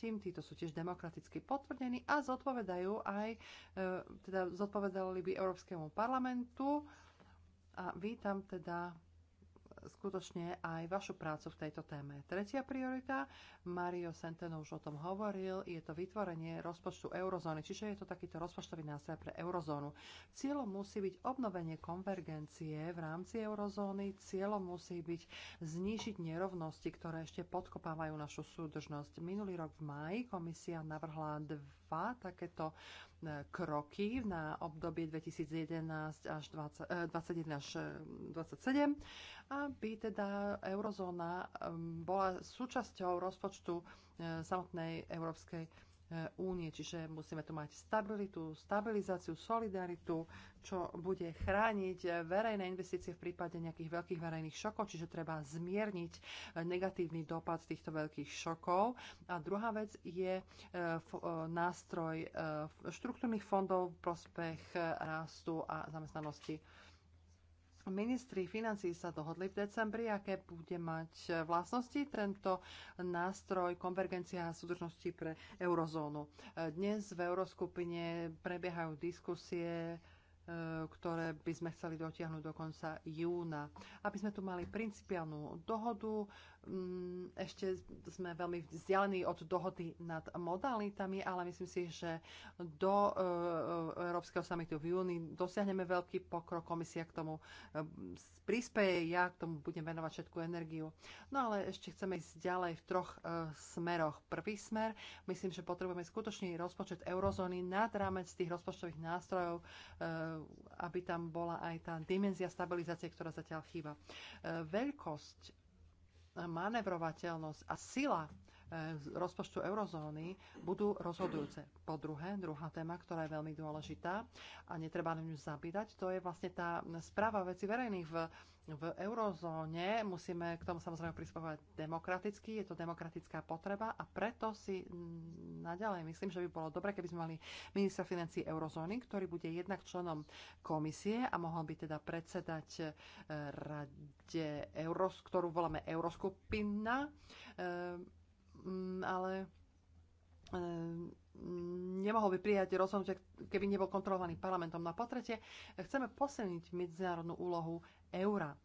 súhlasím, títo sú tiež demokraticky potvrdení a zodpovedajú aj, e, teda zodpovedali by Európskemu parlamentu a vítam teda skutočne aj vašu prácu v tejto téme. Tretia priorita, Mario Centeno už o tom hovoril, je to vytvorenie rozpočtu eurozóny, čiže je to takýto rozpočtový nástroj pre eurozónu. Cieľom musí byť obnovenie konvergencie v rámci eurozóny, cieľom musí byť znížiť nerovnosti, ktoré ešte podkopávajú našu súdržnosť. Minulý rok v máji komisia navrhla dve FA takéto e, kroky na obdobie 2011 až 2021 e, až 2027, e, aby teda eurozóna bola súčasťou rozpočtu samotnej Európskej únie. Čiže musíme tu mať stabilitu, stabilizáciu, solidaritu, čo bude chrániť verejné investície v prípade nejakých veľkých verejných šokov, čiže treba zmierniť negatívny dopad týchto veľkých šokov. A druhá vec je e, e, nástroj e, štruktúrnych fondov v prospech rastu a zamestnanosti. Ministri financí sa dohodli v decembri, aké bude mať vlastnosti tento nástroj konvergencia a súdržnosti pre eurozónu. Dnes v euroskupine prebiehajú diskusie, e, ktoré by sme chceli dotiahnuť do konca júna. Aby sme tu mali principiálnu dohodu, Mm, ešte sme veľmi vzdialení od dohody nad modalitami, ale myslím si, že do e, e, Európskeho samitu v júni dosiahneme veľký pokrok. Komisia k tomu e, prispieje, ja k tomu budem venovať všetku energiu. No ale ešte chceme ísť ďalej v troch smeroch. Prvý smer, myslím, že potrebujeme skutočný rozpočet eurozóny nad rámec tých rozpočtových nástrojov, aby tam bola aj tá dimenzia stabilizácie, ktorá zatiaľ chýba. Veľkosť manevrovateľnosť a sila e, rozpočtu eurozóny budú rozhodujúce. Po druhé, druhá téma, ktorá je veľmi dôležitá a netreba na ňu zabídať, to je vlastne tá správa veci verejných v v eurozóne. Musíme k tomu samozrejme pristupovať demokraticky, je to demokratická potreba a preto si naďalej myslím, že by bolo dobre, keby sme mali ministra financí eurozóny, ktorý bude jednak členom komisie a mohol by teda predsedať e, rade, Euros, ktorú voláme Euroskupina, e, ale e, nemohol by prijať rozhodnutie, keby nebol kontrolovaný parlamentom. Na no potrete, chceme posilniť medzinárodnú úlohu eura.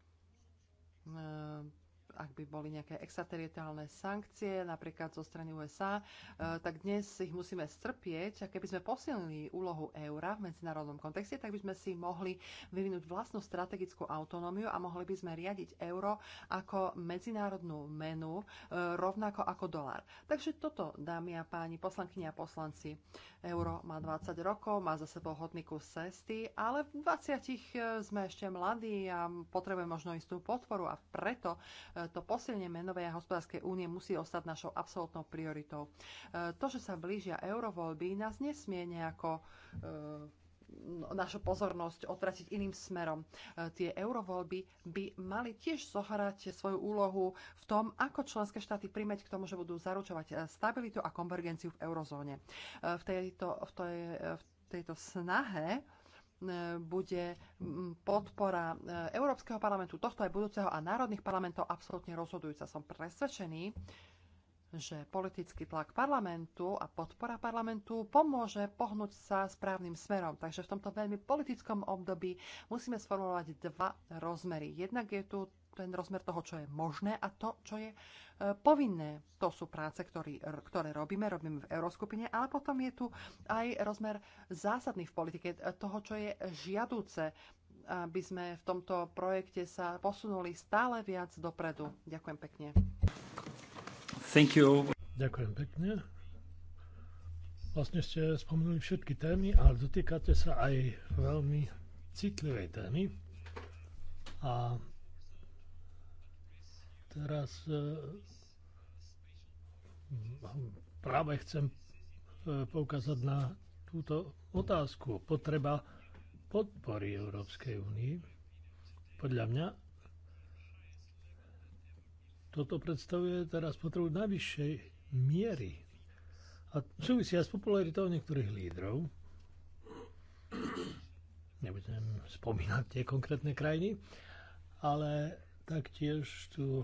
Ehm, ak by boli nejaké exaterietálne sankcie, napríklad zo strany USA, e, tak dnes ich musíme strpieť a keby sme posilnili úlohu eura v medzinárodnom kontexte, tak by sme si mohli vyvinúť vlastnú strategickú autonómiu a mohli by sme riadiť euro ako medzinárodnú menu, e, rovnako ako dolár. Takže toto, dámy a páni, poslankyni a poslanci, euro má 20 rokov, má za sebou hodný kus cesty, ale v 20 e, sme ešte mladí a potrebujeme možno istú potvoru a preto to posilnenie menovej a hospodárskej únie musí ostať našou absolútnou prioritou. E, to, že sa blížia eurovoľby, nás nesmie nejako e, no, našu pozornosť otratiť iným smerom. E, tie eurovoľby by mali tiež zohrať svoju úlohu v tom, ako členské štáty primeť k tomu, že budú zaručovať stabilitu a konvergenciu v eurozóne. V tejto, v tej, v tejto snahe E, bude podpora e, Európskeho parlamentu, tohto aj budúceho a národných parlamentov absolútne rozhodujúca. Som presvedčený, že politický tlak parlamentu a podpora parlamentu pomôže pohnúť sa správnym smerom. Takže v tomto veľmi politickom období musíme sformulovať dva rozmery. Jednak je tu ten rozmer toho, čo je možné a to, čo je e, povinné. To sú práce, ktorý, ktoré robíme, robíme v Euroskupine, ale potom je tu aj rozmer zásadný v politike, e, toho, čo je žiaduce, aby sme v tomto projekte sa posunuli stále viac dopredu. Ďakujem pekne. Thank you. Ďakujem pekne. Vlastne ste spomenuli všetky témy, ale dotýkate sa aj veľmi citlivej témy. A teraz e, práve chcem e, poukázať na túto otázku. Potreba podpory Európskej únii. Podľa mňa toto predstavuje teraz potrebu najvyššej miery. A aj s popularitou niektorých lídrov. Nebudem spomínať tie konkrétne krajiny, ale Taktiež tu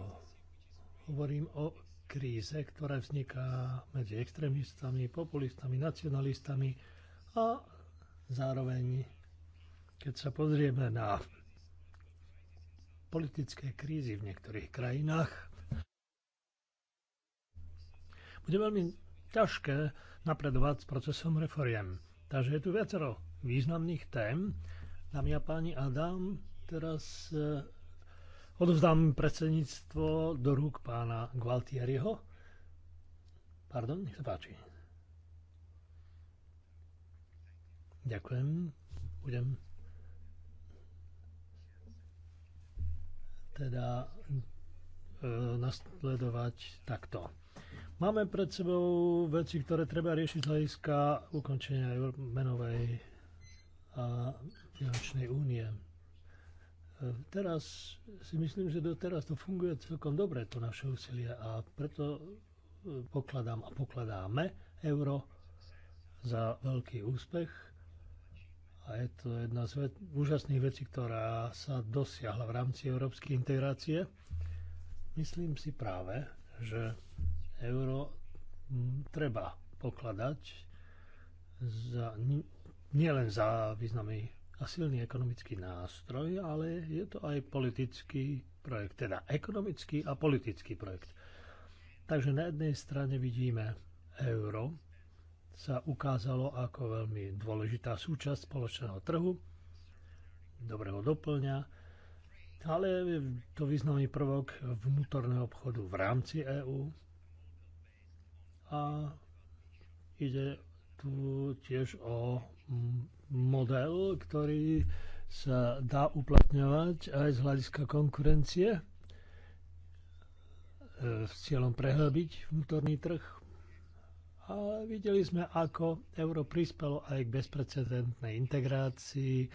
hovorím o kríze, ktorá vzniká medzi extrémistami, populistami, nacionalistami a zároveň, keď sa pozrieme na politické krízy v niektorých krajinách, bude veľmi ťažké napredovať s procesom reforiem. Takže je tu viacero významných tém. Dámy a páni, Adam, teraz Odovzdám predsedníctvo do rúk pána Gualtieriho. Pardon, nech sa páči. Ďakujem. Budem teda e, nasledovať takto. Máme pred sebou veci, ktoré treba riešiť z hľadiska ukončenia menovej a e, finančnej únie. Teraz si myslím, že doteraz to funguje celkom dobre, to naše úsilie a preto e, pokladám a pokladáme euro za veľký úspech a je to jedna z ve- úžasných vecí, ktorá sa dosiahla v rámci európskej integrácie. Myslím si práve, že euro treba pokladať za, nielen za významný a silný ekonomický nástroj, ale je to aj politický projekt, teda ekonomický a politický projekt. Takže na jednej strane vidíme euro, sa ukázalo ako veľmi dôležitá súčasť spoločného trhu, dobrého ho doplňa, ale je to významný prvok vnútorného obchodu v rámci EÚ a ide tu tiež o model, ktorý sa dá uplatňovať aj z hľadiska konkurencie e, s cieľom prehlbiť vnútorný trh. A videli sme, ako euro prispelo aj k bezprecedentnej integrácii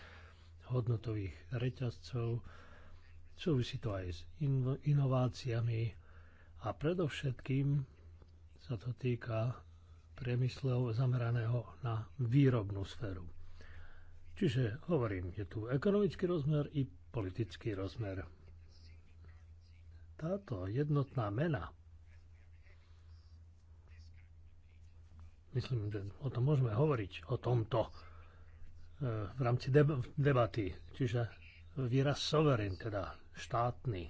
hodnotových reťazcov. Súvisí to aj s inováciami a predovšetkým sa to týka priemyslov zameraného na výrobnú sféru. Čiže hovorím, je tu ekonomický rozmer i politický rozmer. Táto jednotná mena, myslím, že o tom môžeme hovoriť, o tomto e, v rámci debaty, čiže výraz sovereign, teda štátny.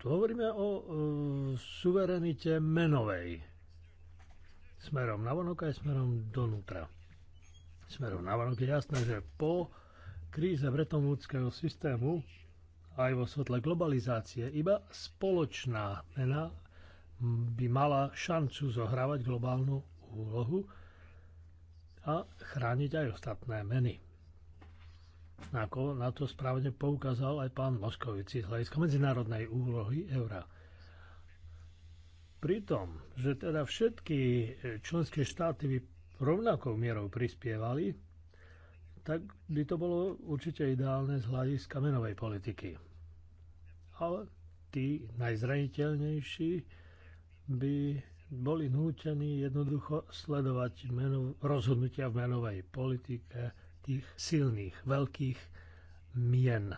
Tu hovoríme o e, suverenite menovej, smerom navonok aj smerom donútra smerom na vonok. Je jasné, že po kríze bretonvúdského systému aj vo svetle globalizácie iba spoločná mena by mala šancu zohrávať globálnu úlohu a chrániť aj ostatné meny. Ako na to správne poukázal aj pán Moskovici z hľadiska medzinárodnej úlohy eura. Pritom, že teda všetky členské štáty by rovnakou mierou prispievali, tak by to bolo určite ideálne z hľadiska menovej politiky. Ale tí najzraniteľnejší by boli nútení jednoducho sledovať menov, rozhodnutia v menovej politike tých silných, veľkých mien.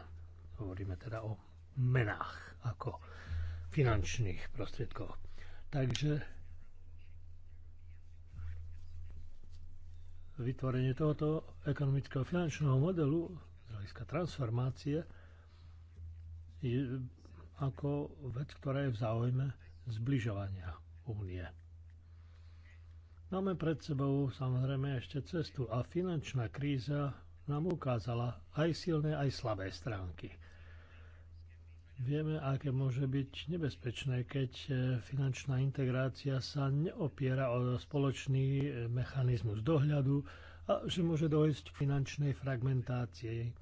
Hovoríme teda o menách ako finančných prostriedkoch. Takže vytvorenie tohoto ekonomického finančného modelu z hľadiska transformácie je ako vec, ktorá je v záujme zbližovania únie. Máme pred sebou samozrejme ešte cestu a finančná kríza nám ukázala aj silné, aj slabé stránky. Vieme, aké môže byť nebezpečné, keď e, finančná integrácia sa neopiera o spoločný e, mechanizmus dohľadu a že môže dojsť k finančnej fragmentácii.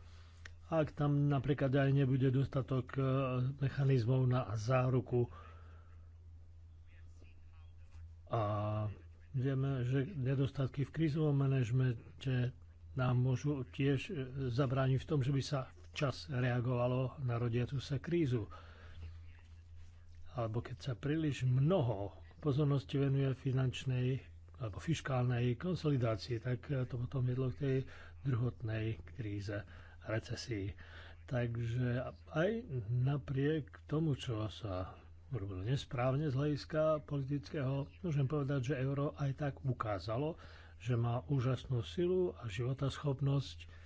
Ak tam napríklad aj nebude dostatok e, mechanizmov na záruku a vieme, že nedostatky v krízovom manažmente nám môžu tiež zabrániť v tom, že by sa včas reagovalo na rodiacu sa krízu. Alebo keď sa príliš mnoho pozornosti venuje finančnej alebo fiskálnej konsolidácii, tak to potom jedlo k tej druhotnej kríze, recesii. Takže aj napriek tomu, čo sa urobilo nesprávne z hľadiska politického, môžem povedať, že euro aj tak ukázalo, že má úžasnú silu a životaschopnosť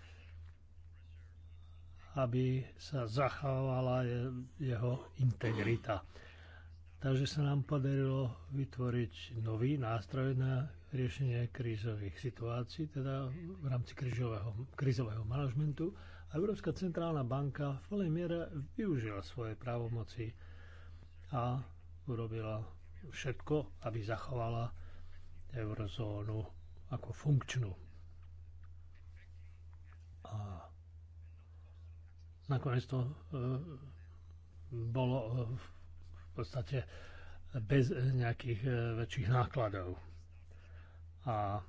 aby sa zachovala jeho integrita. Takže sa nám podarilo vytvoriť nový nástroj na riešenie krízových situácií, teda v rámci krízového, krízového manažmentu. A Európska centrálna banka v plnej miere využila svoje právomoci a urobila všetko, aby zachovala eurozónu ako funkčnú. A Nakoniec to e, bolo e, v podstate bez nejakých e, väčších nákladov. A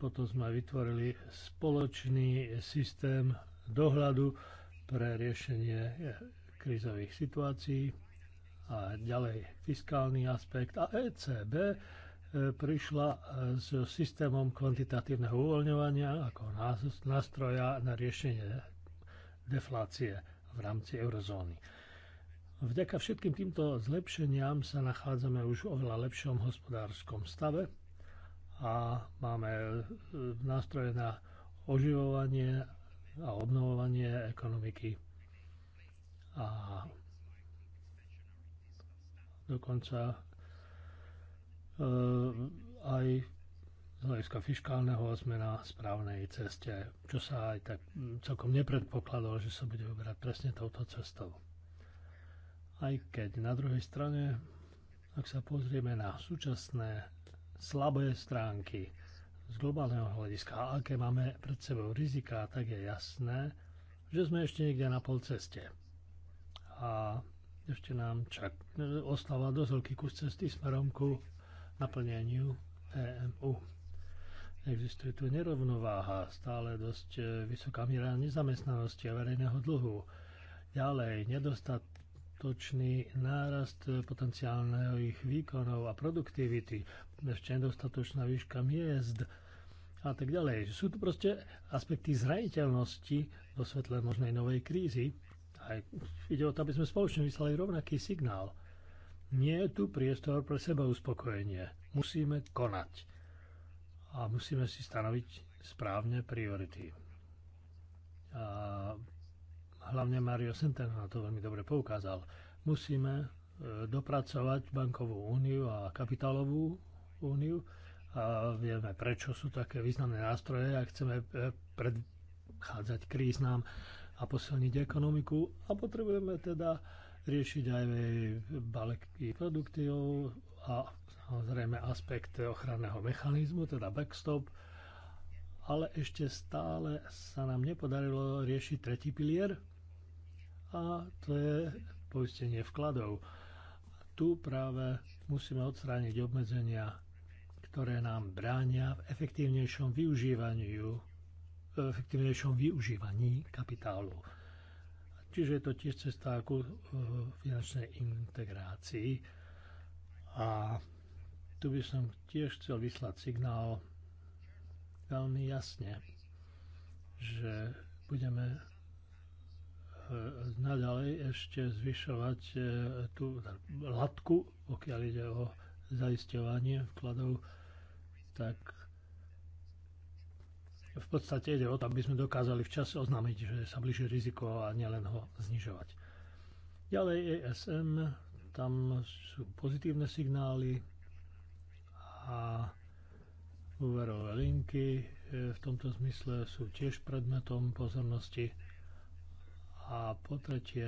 potom sme vytvorili spoločný systém dohľadu pre riešenie krízových situácií a ďalej fiskálny aspekt. A ECB prišla s systémom kvantitatívneho uvoľňovania ako nástroja na riešenie deflácie v rámci eurozóny. Vďaka všetkým týmto zlepšeniam sa nachádzame už v oveľa lepšom hospodárskom stave a máme e, nástroje na oživovanie a obnovovanie ekonomiky. A dokonca e, aj z hľadiska fiskálneho sme na správnej ceste, čo sa aj tak mm, celkom nepredpokladalo, že sa bude uberať presne touto cestou. Aj keď na druhej strane, ak sa pozrieme na súčasné slabé stránky z globálneho hľadiska, aké máme pred sebou riziká, tak je jasné, že sme ešte niekde na pol ceste. A ešte nám čak, e, ostáva dosť veľký kus cesty smerom ku naplneniu EMU. Existuje tu nerovnováha, stále dosť e, vysoká miera nezamestnanosti a verejného dlhu. Ďalej, nedostatočný nárast e, ich výkonov a produktivity, ešte nedostatočná výška miest a tak ďalej. Sú tu proste aspekty zraniteľnosti vo svetle možnej novej krízy. Aj ide o to, aby sme spoločne vyslali rovnaký signál. Nie je tu priestor pre seba uspokojenie. Musíme konať a musíme si stanoviť správne priority. A hlavne Mario Senten na to veľmi dobre poukázal. Musíme e, dopracovať bankovú úniu a kapitálovú úniu a vieme, prečo sú také významné nástroje a chceme e, predchádzať kríznám a posilniť ekonomiku a potrebujeme teda riešiť aj balíky produktív a samozrejme aspekt ochranného mechanizmu, teda backstop, ale ešte stále sa nám nepodarilo riešiť tretí pilier a to je poistenie vkladov. Tu práve musíme odstrániť obmedzenia, ktoré nám bránia v efektívnejšom využívaniu efektívnejšom využívaní kapitálu. Čiže je to tiež cesta ku eh, finančnej integrácii a tu by som tiež chcel vyslať signál veľmi jasne, že budeme eh, naďalej ešte zvyšovať eh, tú latku, pokiaľ ide o zaisťovanie vkladov, tak v podstate ide o to, aby sme dokázali včas oznámiť, že sa blíži riziko a nielen ho znižovať. Ďalej ESM, tam sú pozitívne signály, a úverové linky e, v tomto zmysle sú tiež predmetom pozornosti. A po tretie,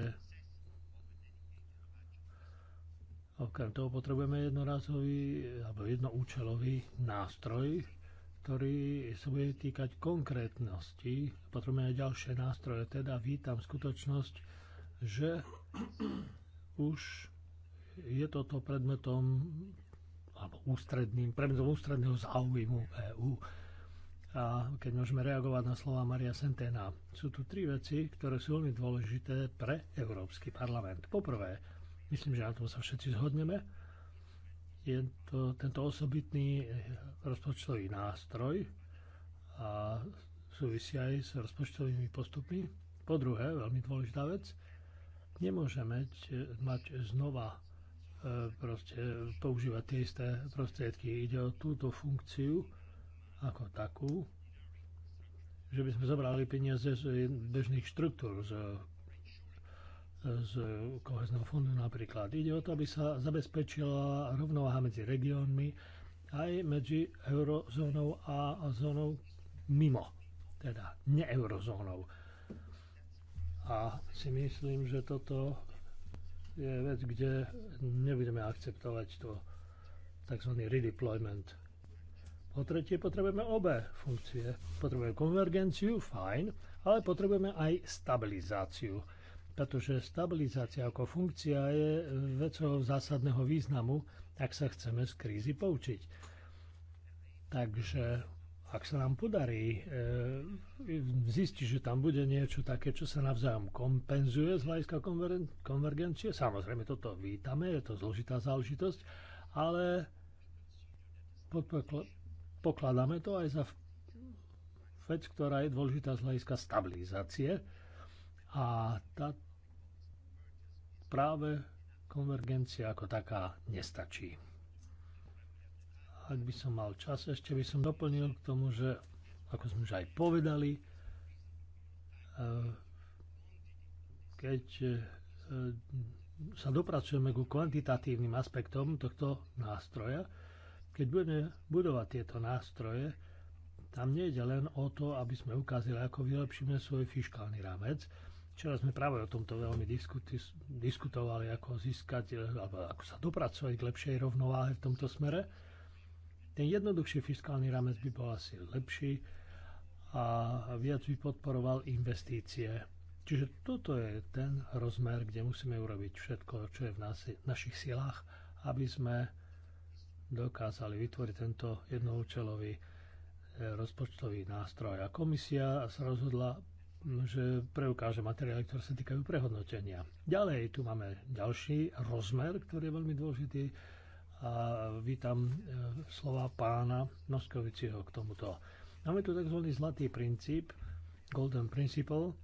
okrem toho potrebujeme jednorázový alebo jednoúčelový nástroj, ktorý sa bude týkať konkrétnosti. Potrebujeme aj ďalšie nástroje, teda vítam skutočnosť, že už je toto predmetom alebo ústredným, predmetom ústredného záujmu EÚ. A keď môžeme reagovať na slova Maria Sentena, sú tu tri veci, ktoré sú veľmi dôležité pre Európsky parlament. Poprvé, myslím, že na tom sa všetci zhodneme, je to tento osobitný rozpočtový nástroj a súvisí aj s rozpočtovými postupmi. Po druhé, veľmi dôležitá vec, nemôžeme mať znova proste používať tie isté prostriedky. Ide o túto funkciu ako takú, že by sme zobrali peniaze z bežných štruktúr, z, z kohezného fondu napríklad. Ide o to, aby sa zabezpečila rovnováha medzi regiónmi aj medzi eurozónou a zónou mimo, teda neeurozónou. A si myslím, že toto je vec, kde nebudeme akceptovať to tzv. redeployment. Po tretie, potrebujeme obe funkcie. Potrebujeme konvergenciu, fajn, ale potrebujeme aj stabilizáciu. Pretože stabilizácia ako funkcia je vecou zásadného významu, ak sa chceme z krízy poučiť. Takže ak sa nám podarí e, zistiť, že tam bude niečo také, čo sa navzájom kompenzuje z hľadiska konvergencie, samozrejme toto vítame, je to zložitá záležitosť, ale pokladáme to aj za vec, ktorá je dôležitá z hľadiska stabilizácie a tá práve konvergencia ako taká nestačí ak by som mal čas, ešte by som doplnil k tomu, že ako sme už aj povedali, e, keď e, sa dopracujeme ku kvantitatívnym aspektom tohto nástroja, keď budeme budovať tieto nástroje, tam nejde len o to, aby sme ukázali, ako vylepšíme svoj fiskálny rámec. Včera sme práve o tomto veľmi diskutovali, ako získať, alebo ako sa dopracovať k lepšej rovnováhe v tomto smere. Ten jednoduchší fiskálny rámec by bol asi lepší a viac by podporoval investície. Čiže toto je ten rozmer, kde musíme urobiť všetko, čo je v našich silách, aby sme dokázali vytvoriť tento jednoučelový e, rozpočtový nástroj. A komisia sa rozhodla, že preukáže materiály, ktoré sa týkajú prehodnotenia. Ďalej tu máme ďalší rozmer, ktorý je veľmi dôležitý, a vítam e, slova pána Moskoviciho k tomuto. Máme tu tzv. zlatý princíp, Golden Principle,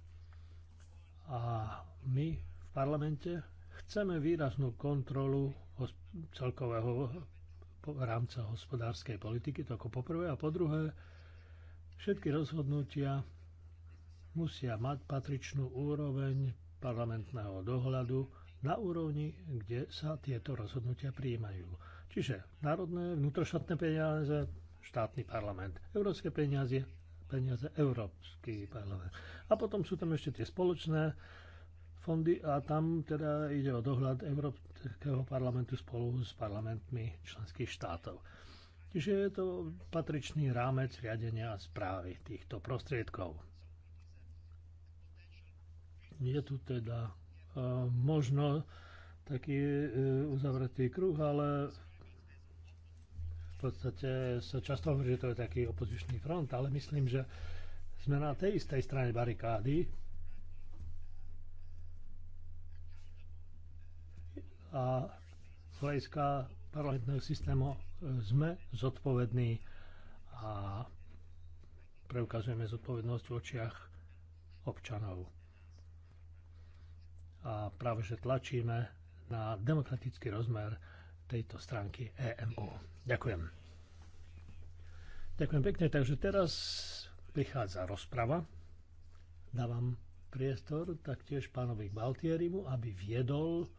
a my v parlamente chceme výraznú kontrolu celkového rámca hospodárskej politiky, to ako poprvé, a po druhé, všetky rozhodnutia musia mať patričnú úroveň parlamentného dohľadu, na úrovni, kde sa tieto rozhodnutia prijímajú. Čiže národné vnútroštátne peniaze, štátny parlament, európske peniaze, peniaze Európsky parlament. A potom sú tam ešte tie spoločné fondy a tam teda ide o dohľad Európskeho parlamentu spolu s parlamentmi členských štátov. Čiže je to patričný rámec riadenia a správy týchto prostriedkov. Je tu teda možno taký e, uzavretý kruh, ale v podstate sa často hovorí, že to je taký opozičný front, ale myslím, že sme na tej istej strane barikády a z hľadiska parlamentného systému e, sme zodpovední a preukazujeme zodpovednosť v očiach občanov a práve že tlačíme na demokratický rozmer tejto stránky EMO. Ďakujem. Ďakujem pekne, takže teraz prichádza rozprava. Dávam priestor taktiež pánovi Baltierimu, aby viedol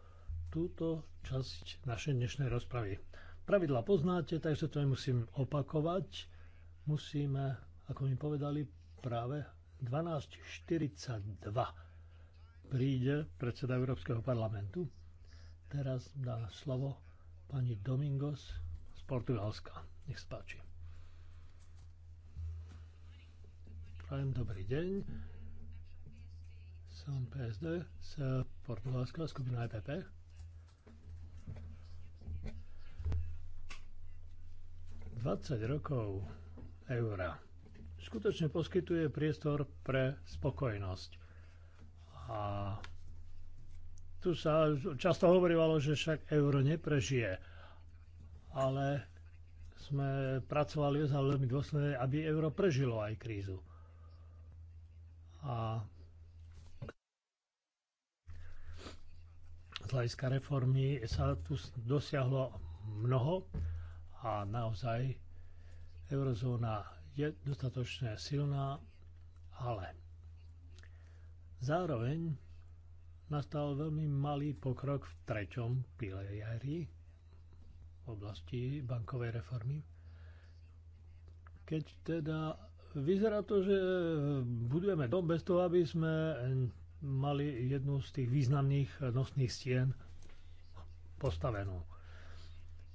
túto časť našej dnešnej rozpravy. Pravidla poznáte, takže to nemusím opakovať. Musíme, ako mi povedali, práve 12.42 príde predseda Európskeho parlamentu. Teraz dá slovo pani Domingos z Portugalska. Nech sa páči. Prajem dobrý deň. Som PSD z Portugalska, skupina EPP. Dvadsať rokov eura skutočne poskytuje priestor pre spokojnosť a tu sa často hovorilo, že však euro neprežije, ale sme pracovali za veľmi dôsledne, aby euro prežilo aj krízu. A z hľadiska reformy sa tu dosiahlo mnoho a naozaj eurozóna je dostatočne silná, ale Zároveň nastal veľmi malý pokrok v treťom pilieri v oblasti bankovej reformy. Keď teda vyzerá to, že budujeme dom bez toho, aby sme mali jednu z tých významných nosných stien postavenú.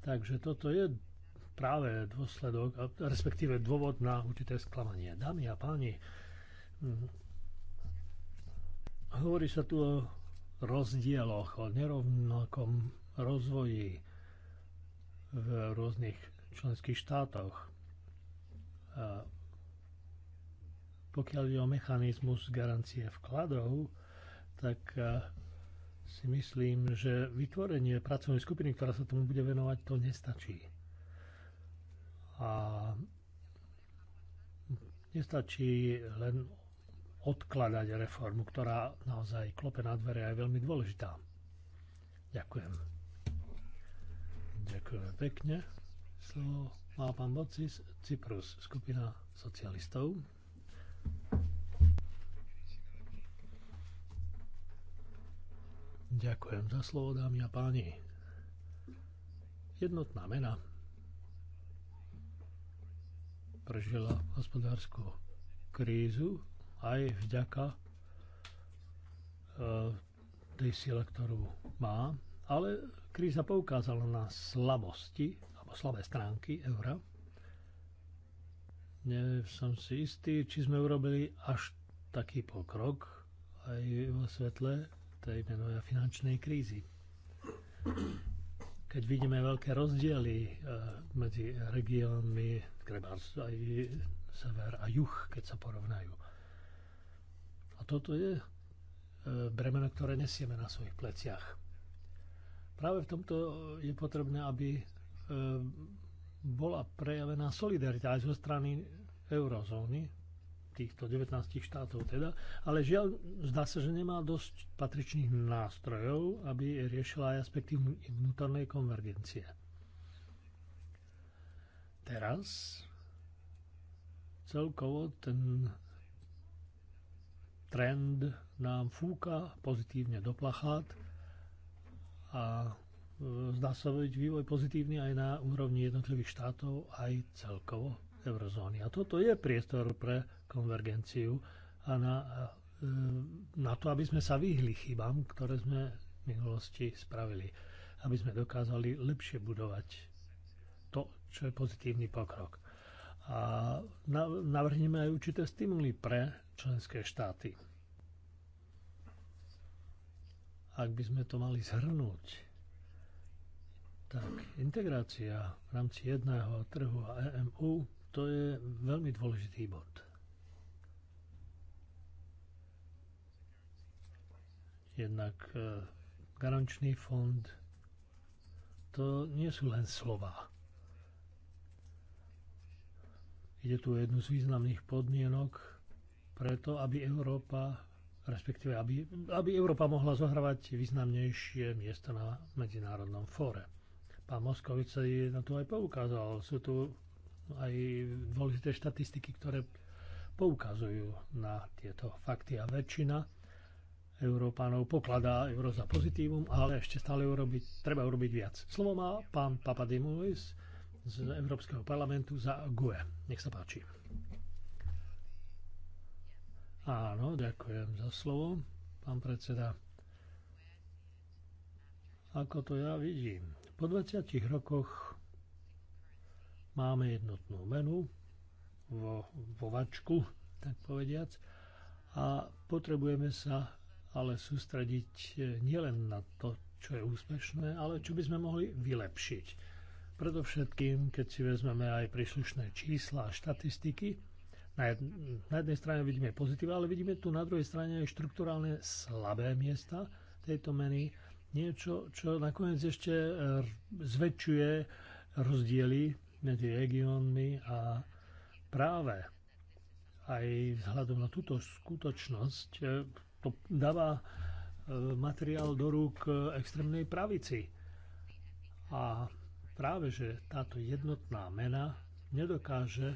Takže toto je práve dôsledok, respektíve dôvod na určité sklamanie. Dámy a páni, Hovorí sa tu o rozdieloch, o nerovnakom rozvoji v rôznych členských štátoch. A pokiaľ je o mechanizmus garancie vkladov, tak si myslím, že vytvorenie pracovnej skupiny, ktorá sa tomu bude venovať, to nestačí. A nestačí len odkladať reformu, ktorá naozaj klope na dvere a je veľmi dôležitá. Ďakujem. Ďakujem pekne. Slovo má pán Bocis, Cyprus, skupina socialistov. Ďakujem za slovo, dámy a páni. Jednotná mena prežila hospodárskú krízu aj vďaka e, tej sile, ktorú má. Ale kríza poukázala na slabosti alebo slabé stránky eura. Nie som si istý, či sme urobili až taký pokrok aj vo svetle tej menovej finančnej krízy. Keď vidíme veľké rozdiely e, medzi regiónmi, treba aj sever a juh, keď sa porovnajú toto je e, bremeno, ktoré nesieme na svojich pleciach. Práve v tomto je potrebné, aby e, bola prejavená solidarita aj zo strany eurozóny, týchto 19 štátov teda, ale žiaľ, zdá sa, že nemá dosť patričných nástrojov, aby riešila aj aspekty vnútornej konvergencie. Teraz celkovo ten trend nám fúka pozitívne do plachát a e, zdá sa byť vývoj pozitívny aj na úrovni jednotlivých štátov, aj celkovo eurozóny. A toto je priestor pre konvergenciu a na, e, na to, aby sme sa vyhli chybám, ktoré sme v minulosti spravili. Aby sme dokázali lepšie budovať to, čo je pozitívny pokrok a navrhneme aj určité stimuly pre členské štáty. Ak by sme to mali zhrnúť, tak integrácia v rámci jedného trhu a EMU to je veľmi dôležitý bod. jednak e, garančný fond, to nie sú len slova. Ide tu o jednu z významných podmienok preto, aby Európa respektíve aby, aby Európa mohla zohrávať významnejšie miesto na medzinárodnom fóre. Pán Moskovice na to aj poukázal. Sú tu aj dôležité štatistiky, ktoré poukazujú na tieto fakty a väčšina Európanov pokladá euro za pozitívum, ale ešte stále urobiť, treba urobiť viac. Slovo má pán Papadimulis, z Európskeho parlamentu za GUE. Nech sa páči. Áno, ďakujem za slovo, pán predseda. Ako to ja vidím? Po 20 rokoch máme jednotnú menu vo, vo vačku, tak povediac, a potrebujeme sa ale sústrediť eh, nielen na to, čo je úspešné, ale čo by sme mohli vylepšiť. Predovšetkým, keď si vezmeme aj príslušné čísla a štatistiky, na, jednej strane vidíme pozitíva, ale vidíme tu na druhej strane aj štruktúralne slabé miesta tejto meny. Niečo, čo nakoniec ešte e, zväčšuje rozdiely medzi regiónmi a práve aj vzhľadom na túto skutočnosť e, to dáva e, materiál do rúk extrémnej pravici. A práve že táto jednotná mena nedokáže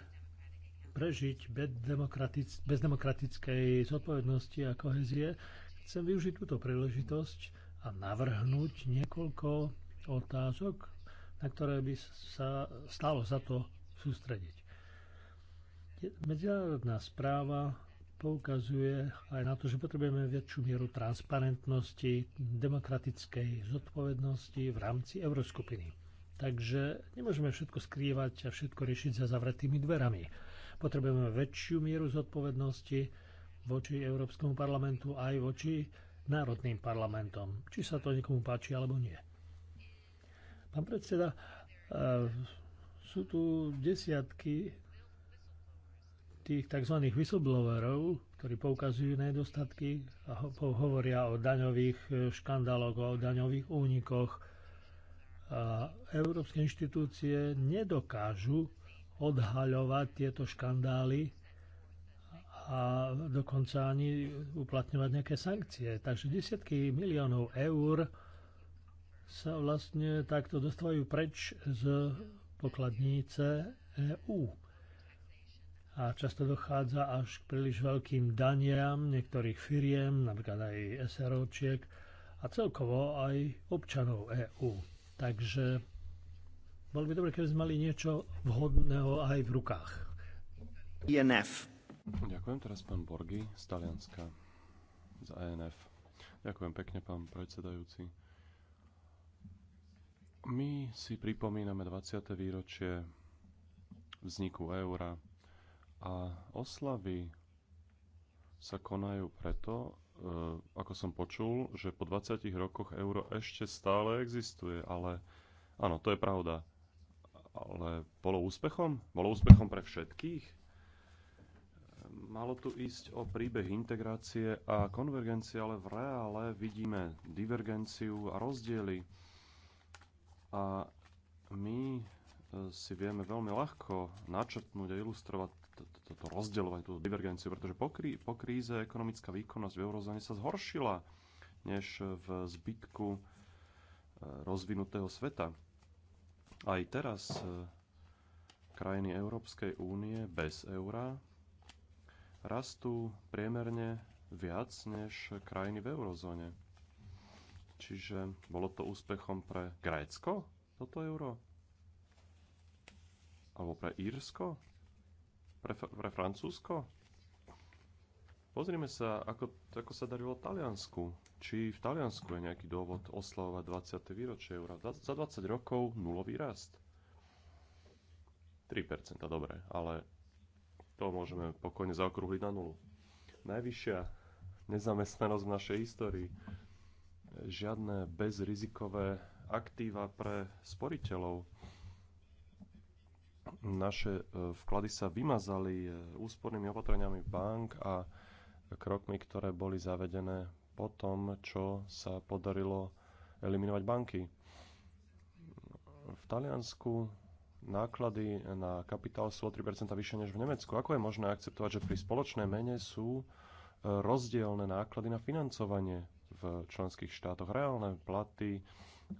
prežiť bez, demokratic- bez demokratickej zodpovednosti a kohezie, chcem využiť túto príležitosť a navrhnúť niekoľko otázok, na ktoré by sa stalo za to sústrediť. Medzinárodná správa poukazuje aj na to, že potrebujeme väčšiu mieru transparentnosti, demokratickej zodpovednosti v rámci euroskupiny. Takže nemôžeme všetko skrývať a všetko riešiť za zavretými dverami. Potrebujeme väčšiu mieru zodpovednosti voči Európskemu parlamentu aj voči národným parlamentom, či sa to niekomu páči alebo nie. Pán predseda, e, sú tu desiatky tých tzv. whistleblowerov, ktorí poukazujú nedostatky a hovoria o daňových e, škandáloch, o daňových únikoch, európske inštitúcie nedokážu odhaľovať tieto škandály a dokonca ani uplatňovať nejaké sankcie. Takže desiatky miliónov eur sa vlastne takto dostávajú preč z pokladnice EÚ. A často dochádza až k príliš veľkým daniam niektorých firiem, napríklad aj SROčiek a celkovo aj občanov EÚ. Takže bolo by dobre, keby sme mali niečo vhodného aj v rukách. INF. Ďakujem teraz pán Borgi z Talianska z INF. E Ďakujem pekne, pán predsedajúci. My si pripomíname 20. výročie vzniku eura a oslavy sa konajú preto, E, ako som počul, že po 20 rokoch euro ešte stále existuje, ale áno, to je pravda. Ale bolo úspechom? Bolo úspechom pre všetkých? E, malo tu ísť o príbeh integrácie a konvergencie, ale v reále vidíme divergenciu a rozdiely. A my e, si vieme veľmi ľahko načrtnúť a ilustrovať toto rozdeľovanie, túto divergenciu, pretože po, krí, po kríze ekonomická výkonnosť v eurozóne sa zhoršila než v zbytku e, rozvinutého sveta. Aj teraz e, krajiny Európskej únie bez eura rastú priemerne viac než krajiny v eurozóne. Čiže bolo to úspechom pre Grécko toto euro? Alebo pre Írsko? pre, pre Francúzsko? Pozrime sa, ako, ako sa darilo Taliansku. Či v Taliansku je nejaký dôvod oslavovať 20. výročie eura. Za 20 rokov nulový rast. 3%, dobre, ale to môžeme pokojne zaokrúhliť na nulu. Najvyššia nezamestnanosť v našej histórii. Žiadne bezrizikové aktíva pre sporiteľov naše e, vklady sa vymazali e, úspornými opatreniami bank a krokmi, ktoré boli zavedené po tom, čo sa podarilo eliminovať banky. V Taliansku náklady na kapitál sú o 3% vyššie než v Nemecku. Ako je možné akceptovať, že pri spoločnej mene sú e, rozdielne náklady na financovanie v členských štátoch? Reálne platy E,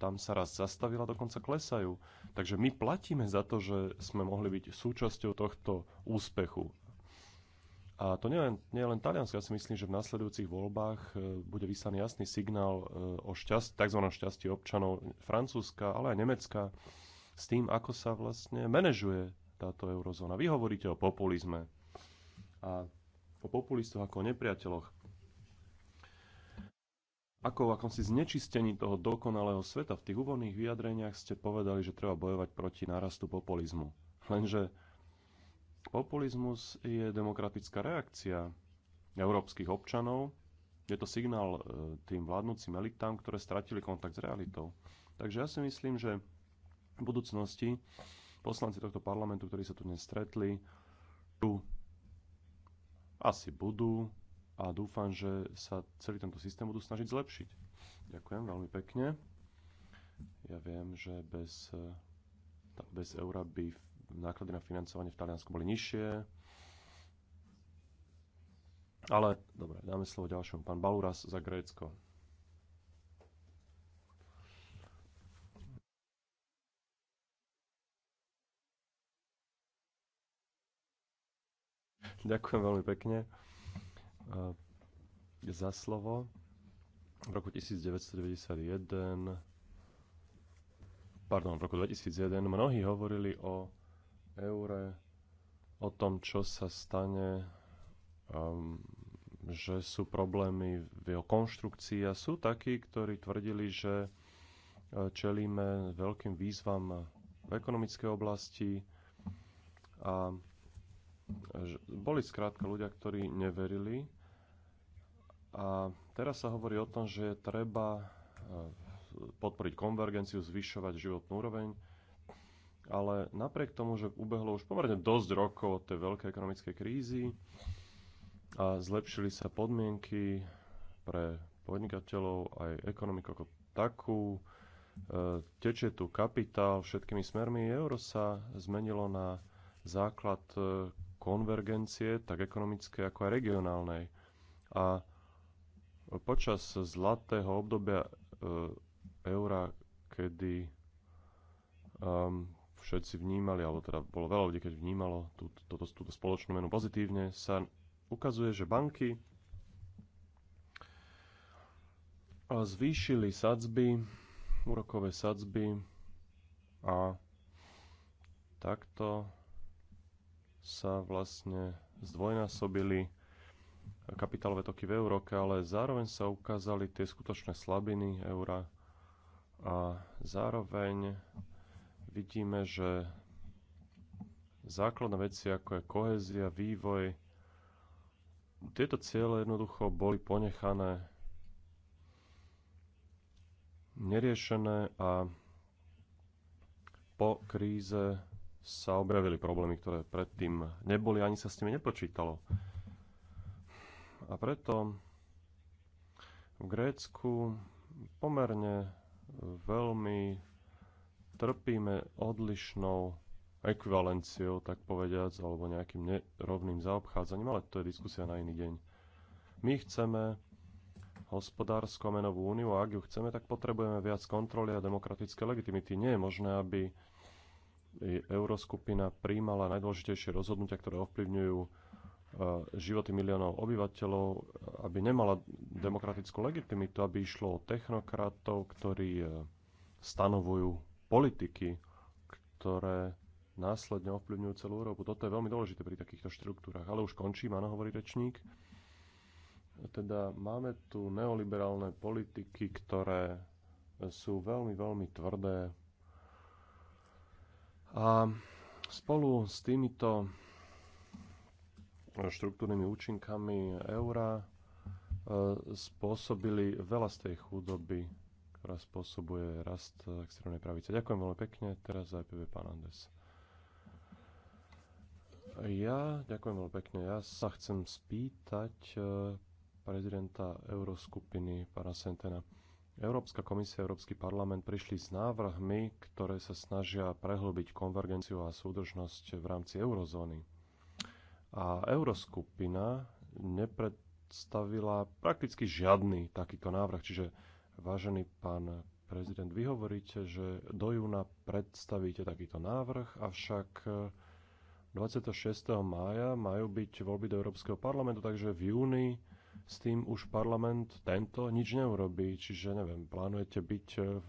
tam sa raz zastavila, dokonca klesajú. Takže my platíme za to, že sme mohli byť súčasťou tohto úspechu. A to nie je len, nie je len Taliansko. Ja si myslím, že v nasledujúcich voľbách e, bude vyslaný jasný signál e, o šťast, tzv. šťastí občanov Francúzska, ale aj Nemecka s tým, ako sa vlastne manažuje táto eurozóna. Vy hovoríte o populizme a o populistoch ako o nepriateľoch ako v akomsi znečistení toho dokonalého sveta. V tých úvodných vyjadreniach ste povedali, že treba bojovať proti nárastu populizmu. Lenže populizmus je demokratická reakcia európskych občanov. Je to signál e, tým vládnúcim elitám, ktoré stratili kontakt s realitou. Takže ja si myslím, že v budúcnosti poslanci tohto parlamentu, ktorí sa tu dnes stretli, tu asi budú a dúfam, že sa celý tento systém budú snažiť zlepšiť. Ďakujem veľmi pekne. Ja viem, že bez, bez eura by náklady na financovanie v Taliansku boli nižšie. Ale, dobre, dáme slovo ďalšiemu. Pán Baluras za Grécko. Ďakujem veľmi pekne. E, za slovo. V roku 1991, pardon, v roku 2001 mnohí hovorili o eure, o tom, čo sa stane, um, že sú problémy v jeho konštrukcii a sú takí, ktorí tvrdili, že e, čelíme veľkým výzvam v ekonomickej oblasti a e, boli skrátka ľudia, ktorí neverili a teraz sa hovorí o tom, že treba e, podporiť konvergenciu, zvyšovať životnú úroveň, ale napriek tomu, že ubehlo už pomerne dosť rokov od tej veľkej ekonomickej krízy a zlepšili sa podmienky pre podnikateľov aj ekonomiku ako takú, e, tečie tu kapitál všetkými smermi. Euro sa zmenilo na základ e, konvergencie, tak ekonomické ako aj regionálnej. A Počas zlatého obdobia eh, eura, kedy um, všetci vnímali, alebo teda bolo veľa ľudí, keď vnímalo tú, túto, túto spoločnú menu pozitívne, sa ukazuje, že banky eh, zvýšili sadzby, úrokové sadzby a takto sa vlastne zdvojnásobili kapitálové toky v Európe, ale zároveň sa ukázali tie skutočné slabiny eura a zároveň vidíme, že základné veci ako je kohézia, vývoj, tieto ciele jednoducho boli ponechané neriešené a po kríze sa objavili problémy, ktoré predtým neboli, ani sa s nimi nepočítalo. A preto v Grécku pomerne veľmi trpíme odlišnou ekvivalenciou, tak povediac, alebo nejakým nerovným zaobchádzaním, ale to je diskusia na iný deň. My chceme hospodársko menovú úniu a ak ju chceme, tak potrebujeme viac kontroly a demokratické legitimity. Nie je možné, aby euroskupina príjmala najdôležitejšie rozhodnutia, ktoré ovplyvňujú životy miliónov obyvateľov, aby nemala demokratickú legitimitu, aby išlo o technokratov, ktorí e, stanovujú politiky, ktoré následne ovplyvňujú celú Európu. Toto je veľmi dôležité pri takýchto štruktúrach. Ale už končím, áno, hovorí rečník. Teda máme tu neoliberálne politiky, ktoré sú veľmi, veľmi tvrdé. A spolu s týmito štruktúrnymi účinkami eura e, spôsobili veľa z tej chudoby, ktorá spôsobuje rast extrémnej pravice. Ďakujem veľmi pekne. Teraz za IPV e pán Andes. Ja ďakujem veľmi pekne. Ja sa chcem spýtať e, prezidenta Euroskupiny pána Sentena. Európska komisia a Európsky parlament prišli s návrhmi, ktoré sa snažia prehlbiť konvergenciu a súdržnosť v rámci eurozóny a Euroskupina nepredstavila prakticky žiadny takýto návrh. Čiže, vážený pán prezident, vy hovoríte, že do júna predstavíte takýto návrh, avšak 26. Eh, mája majú byť voľby do Európskeho parlamentu, takže v júni s tým už parlament tento nič neurobí. Čiže neviem, plánujete byť eh, v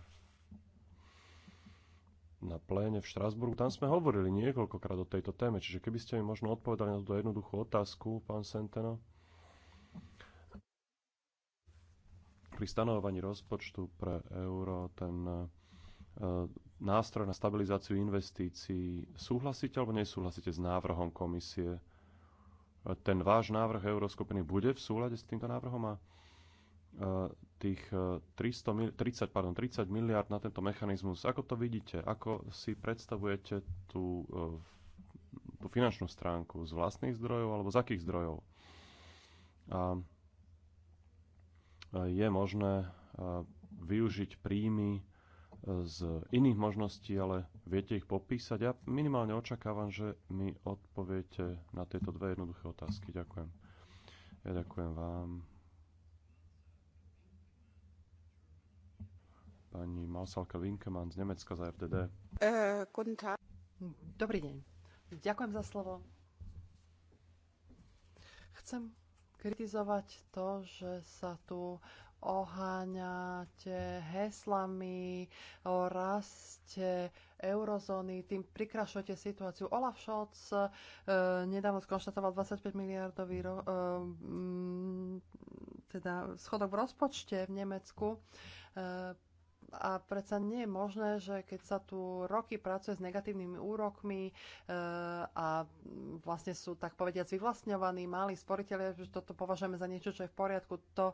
na pléne v Štrasburgu. Tam sme hovorili niekoľkokrát o tejto téme, čiže keby ste mi možno odpovedali na túto jednoduchú otázku, pán Senteno. Pri stanovovaní rozpočtu pre euro ten e, nástroj na stabilizáciu investícií súhlasíte alebo nesúhlasíte s návrhom komisie? E, ten váš návrh euroskupiny bude v súlade s týmto návrhom a Eh, tých 300, eh, 30, pardon, 30 miliard na tento mechanizmus. Ako to vidíte? Ako si predstavujete tú, eh, tú finančnú stránku? Z vlastných zdrojov alebo z akých zdrojov? A je možné využiť príjmy z iných možností, ale viete ich popísať. Ja minimálne očakávam, že mi odpoviete na tieto dve jednoduché otázky. Ďakujem. Ja ďakujem vám. pani Mausalka Winkemann z Nemecka za FDD. Eh, Dobrý deň. Ďakujem za slovo. Chcem kritizovať to, že sa tu oháňate heslami o raste eurozóny, tým prikrašujete situáciu. Olaf Scholz e, nedávno skonštatoval 25 miliardový ro, e, m, teda schodok v rozpočte v Nemecku. E, a predsa nie je možné, že keď sa tu roky pracuje s negatívnymi úrokmi e, a vlastne sú tak povediac vyvlastňovaní malí sporiteľia, že toto považujeme za niečo, čo je v poriadku, to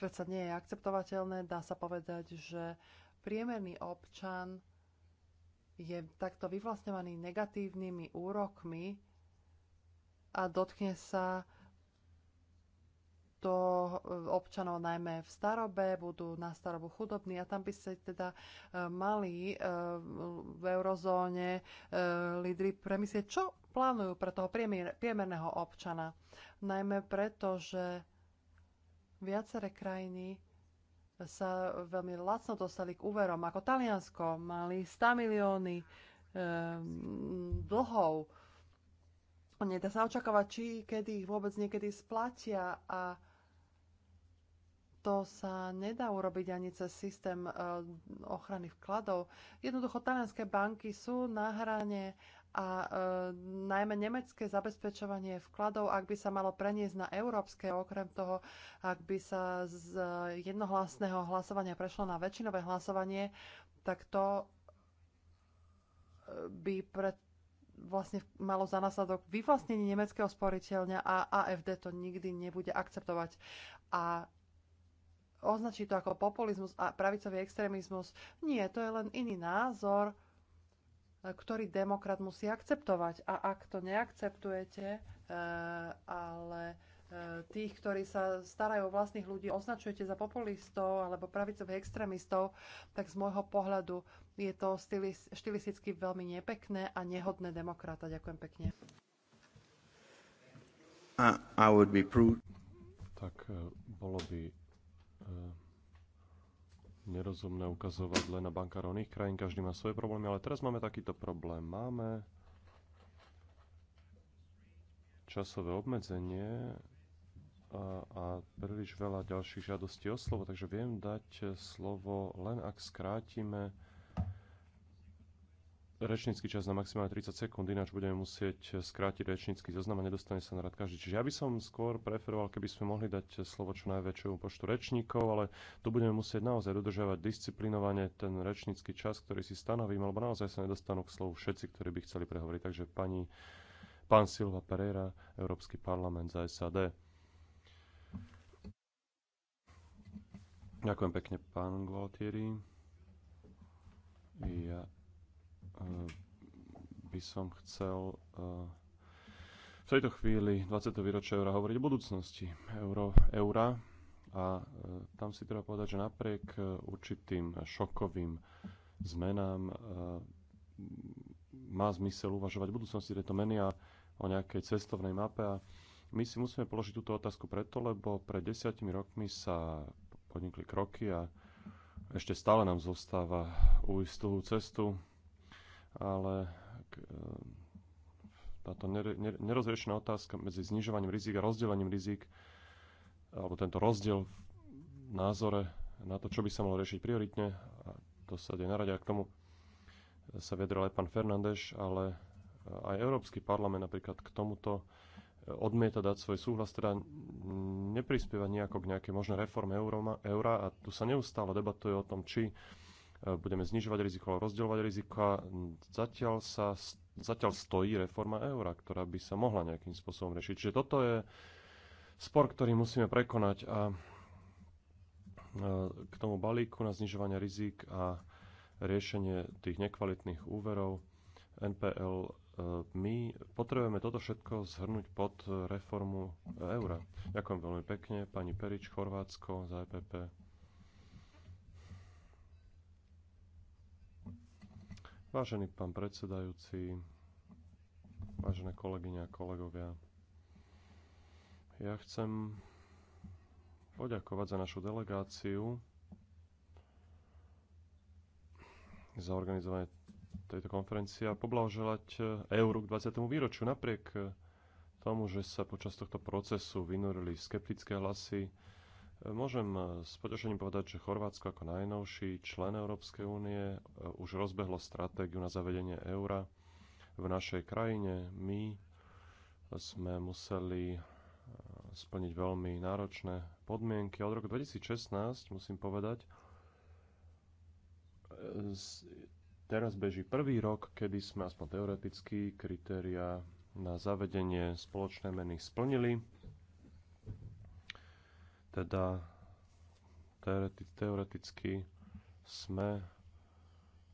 predsa nie je akceptovateľné. Dá sa povedať, že priemerný občan je takto vyvlastňovaný negatívnymi úrokmi a dotkne sa týchto eh, občanov najmä v starobe, budú na starobu chudobní a tam by ste teda eh, mali eh, v eurozóne lídry premyslieť, čo plánujú pre toho priemerného občana. Najmä preto, že viaceré krajiny sa veľmi lacno dostali k úverom, ako Taliansko, mali 100 milióny dlhov. Nedá sa očakávať, či kedy ich vôbec niekedy splatia a to sa nedá urobiť ani cez systém e, ochrany vkladov. Jednoducho talianské banky sú na hrane a e, najmä nemecké zabezpečovanie vkladov, ak by sa malo preniesť na európske, okrem toho, ak by sa z jednohlasného hlasovania prešlo na väčšinové hlasovanie, tak to e, by pre, vlastne malo za následok vyvlastnenie nemeckého sporiteľňa a AFD to nikdy nebude akceptovať. A označí to ako populizmus a pravicový extrémizmus. Nie, to je len iný názor, ktorý demokrat musí akceptovať. A ak to neakceptujete, eh, ale eh, tých, ktorí sa starajú o vlastných ľudí, označujete za populistov alebo pravicových extrémistov, tak z môjho pohľadu je to štilisticky veľmi nepekné a nehodné demokrata. Ďakujem pekne. I, would be Tak eh, bolo by Ehm, nerozumné ukazovať len na bankárovných krajín, každý má svoje problémy, ale teraz máme takýto problém. Máme časové obmedzenie a, a príliš veľa ďalších žiadostí o slovo, takže viem dať slovo len ak skrátime rečnícky čas na maximálne 30 sekúnd, ináč budeme musieť skrátiť rečnícky zoznam a nedostane sa na rad každý. Čiže ja by som skôr preferoval, keby sme mohli dať slovo čo najväčšiemu počtu rečníkov, ale tu budeme musieť naozaj dodržiavať disciplinovane ten rečnícky čas, ktorý si stanovím, lebo naozaj sa nedostanú k slovu všetci, ktorí by chceli prehovoriť. Takže pani, pán Silva Pereira, Európsky parlament za SAD. Ďakujem pekne, pán Gualtieri. Ja Ehm, by som chcel eh, v tejto chvíli 20. výročia eura hovoriť o budúcnosti euro, eura a eh, tam si treba povedať, že napriek eh, určitým šokovým zmenám má zmysel uvažovať v budúcnosti tejto meny a o nejakej cestovnej mape. A my si musíme položiť túto otázku preto, lebo pred desiatimi rokmi sa podnikli kroky a ešte stále nám zostáva tú cestu ale ehm, táto nerozriešená otázka medzi znižovaním rizik a rozdelením rizik, alebo tento rozdiel v názore na to, čo by sa malo riešiť prioritne, a to sa deje na rade, a k tomu sa vedrel aj pán Fernández, ale e, aj Európsky parlament napríklad k tomuto e, odmieta dať svoj súhlas, teda neprispieva nejako k nejakej možnej reforme eura a tu sa neustále debatuje o tom, či E, budeme znižovať riziko, rozdeľovať riziko Zatiaľ, sa, zatiaľ stojí reforma eura, ktorá by sa mohla nejakým spôsobom riešiť. Čiže toto je spor, ktorý musíme prekonať a e, k tomu balíku na znižovanie rizik a riešenie tých nekvalitných úverov NPL e, my potrebujeme toto všetko zhrnúť pod reformu eura. Ďakujem veľmi pekne, pani Perič, Chorvátsko, za EPP. Vážený pán predsedajúci, vážené kolegyne a kolegovia, ja chcem poďakovať za našu delegáciu za organizovanie tejto konferencie a poblahoželať euru k 20. výročiu. Napriek tomu, že sa počas tohto procesu vynorili skeptické hlasy, Môžem e, s potešením povedať, že Chorvátsko ako najnovší člen Európskej únie e, už rozbehlo stratégiu na zavedenie eura v našej krajine. My sme museli e, splniť veľmi náročné podmienky. Od roku 2016, musím povedať, teraz beží prvý rok, kedy sme aspoň teoreticky kritéria na zavedenie spoločnej meny splnili teda teoreticky sme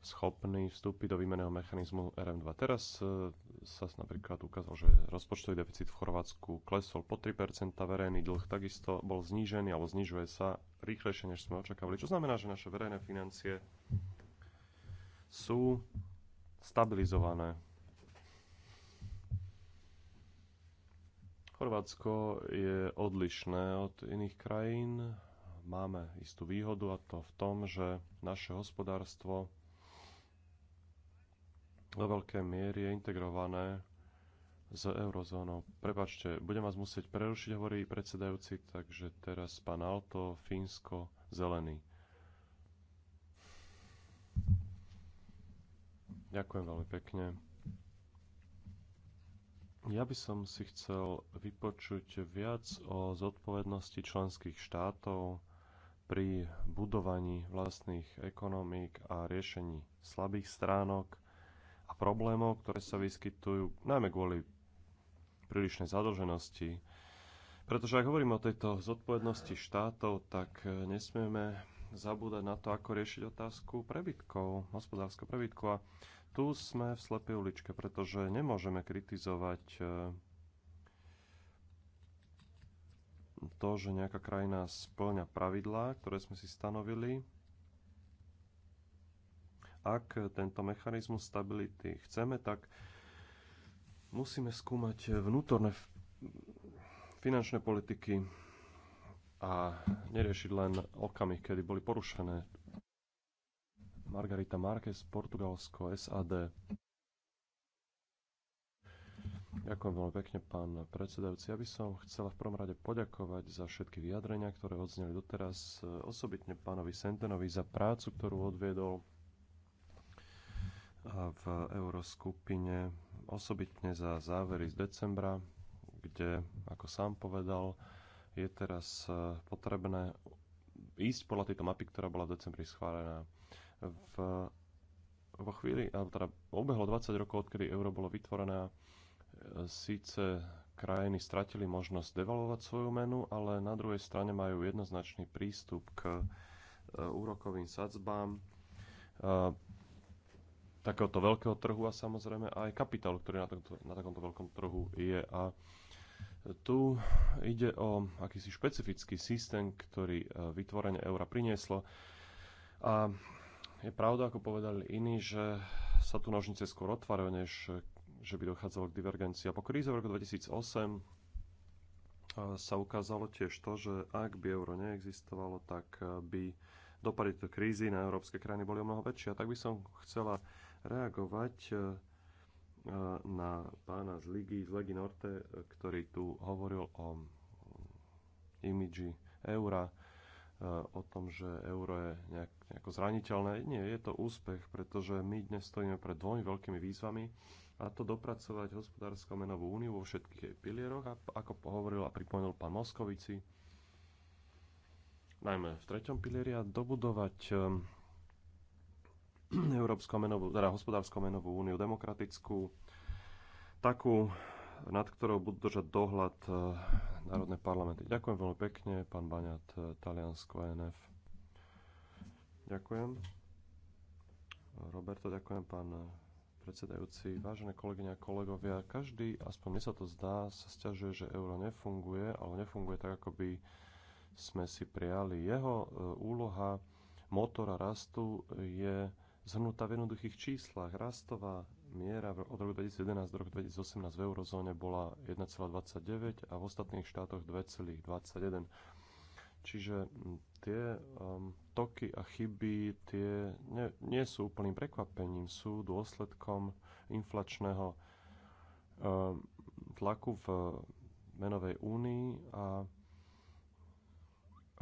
schopní vstúpiť do výmeného mechanizmu RM2. Teraz e, sa napríklad ukázalo, že rozpočtový deficit v Chorvátsku klesol po 3%, verejný dlh takisto bol znížený alebo znižuje sa rýchlejšie, než sme očakávali. Čo znamená, že naše verejné financie sú stabilizované. Chorvátsko je odlišné od iných krajín. Máme istú výhodu a to v tom, že naše hospodárstvo do veľkej miery je integrované s eurozónou. Prepačte, budem vás musieť prerušiť, hovorí predsedajúci, takže teraz pán Alto, Fínsko, Zelený. Ďakujem veľmi pekne. Ja by som si chcel vypočuť viac o zodpovednosti členských štátov pri budovaní vlastných ekonomík a riešení slabých stránok a problémov, ktoré sa vyskytujú najmä kvôli prílišnej zadlženosti. Pretože ak hovorím o tejto zodpovednosti štátov, tak nesmieme zabúdať na to, ako riešiť otázku prebytkov, hospodárskeho prebytku. A tu sme v slepej uličke, pretože nemôžeme kritizovať eh, to, že nejaká krajina splňa pravidlá, ktoré sme si stanovili, ak tento mechanizmus stability chceme, tak musíme skúmať vnútorné finančné politiky a neriešiť len okamih, kedy boli porušené Margarita Marquez, Portugalsko, SAD. Ďakujem veľmi pekne, pán predsedajúci. Ja by som chcela v prvom rade poďakovať za všetky vyjadrenia, ktoré odzneli doteraz, e, osobitne pánovi Sentenovi za prácu, ktorú odviedol v euroskupine, osobitne za závery z decembra, kde, ako sám povedal, je teraz e, potrebné ísť podľa tejto mapy, ktorá bola v decembri schválená v, vo chvíli, alebo teda obehlo 20 rokov, odkedy euro bolo vytvorené, e, síce krajiny stratili možnosť devalovať svoju menu, ale na druhej strane majú jednoznačný prístup k e, úrokovým sadzbám e, takéhoto veľkého trhu a samozrejme aj kapitál, ktorý na, tomto, na takomto veľkom trhu je. A tu ide o akýsi špecifický systém, ktorý vytvorenie eura prinieslo. A je pravda, ako povedali iní, že sa tu nožnice skôr otvárajú, než že by dochádzalo k divergencii. A po kríze v roku 2008 sa ukázalo tiež to, že ak by euro neexistovalo, tak by dopady tejto krízy na európske krajiny boli o mnoho väčšie. A tak by som chcela reagovať na pána z Ligy, z Legi Norte, ktorý tu hovoril o imidži eura, o tom, že euro je nejak ako zraniteľné. Nie, je to úspech, pretože my dnes stojíme pred dvomi veľkými výzvami a to dopracovať hospodársko menovú úniu vo všetkých jej pilieroch a ako pohovoril a pripomenul pán Moskovici, najmä v treťom pilieri a dobudovať ehm, Európsko menovú, teda hospodárskú menovú úniu demokratickú, takú, nad ktorou budú držať dohľad ehm, národné parlamenty. Ďakujem veľmi pekne, pán Baňat, e, Taliansko, NF. Ďakujem. Roberto, ďakujem pán predsedajúci. Vážené kolegyne a kolegovia, každý, aspoň mne sa to zdá, sa stiažuje, že euro nefunguje, ale nefunguje tak, ako by sme si prijali. Jeho e, úloha motora rastu je zhrnutá v jednoduchých číslach. Rastová miera od roku 2011 do roku 2018 v eurozóne bola 1,29 a v ostatných štátoch 2,21. Čiže tie um, toky a chyby tie nie, nie sú úplným prekvapením, sú dôsledkom inflačného eh, tlaku v menovej únii a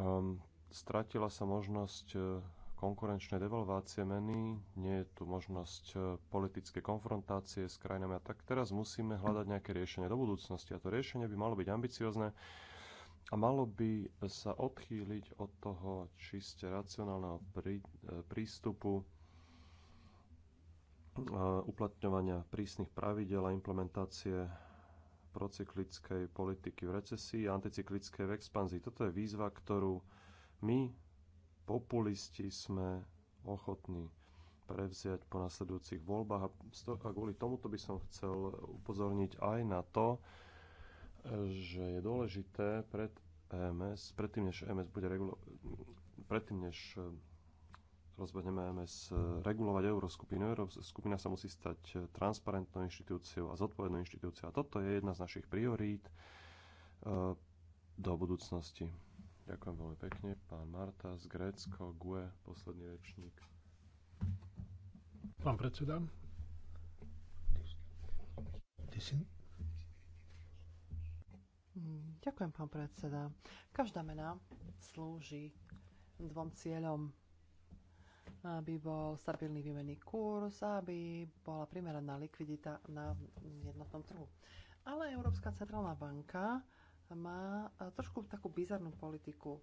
um, stratila sa možnosť eh, konkurenčnej devalvácie meny, nie je tu možnosť politické konfrontácie s krajinami a tak teraz musíme hľadať nejaké riešenie do budúcnosti a to riešenie by malo byť ambiciozne a malo by sa odchýliť od toho čiste racionálneho prí, e, prístupu e, uplatňovania prísnych pravidel a implementácie procyklickej politiky v recesii a anticyklickej v expanzii. Toto je výzva, ktorú my, populisti, sme ochotní prevziať po nasledujúcich voľbách. A kvôli tomuto by som chcel upozorniť aj na to, že je dôležité pred EMS, predtým než EMS bude regulo- predtým než e, rozbehneme EMS e, regulovať euroskupinu. Euroskupina sa musí stať e, transparentnou inštitúciou a zodpovednou inštitúciou. A toto je jedna z našich priorít do budúcnosti. Ďakujem veľmi pekne. Pán Marta z Grécko, GUE, posledný rečník. Pán predseda. Ty si Mm, ďakujem, pán predseda. Každá mena slúži dvom cieľom aby bol stabilný výmenný kurz, aby bola primeraná likvidita na jednotnom trhu. Ale Európska centrálna banka má trošku takú bizarnú politiku.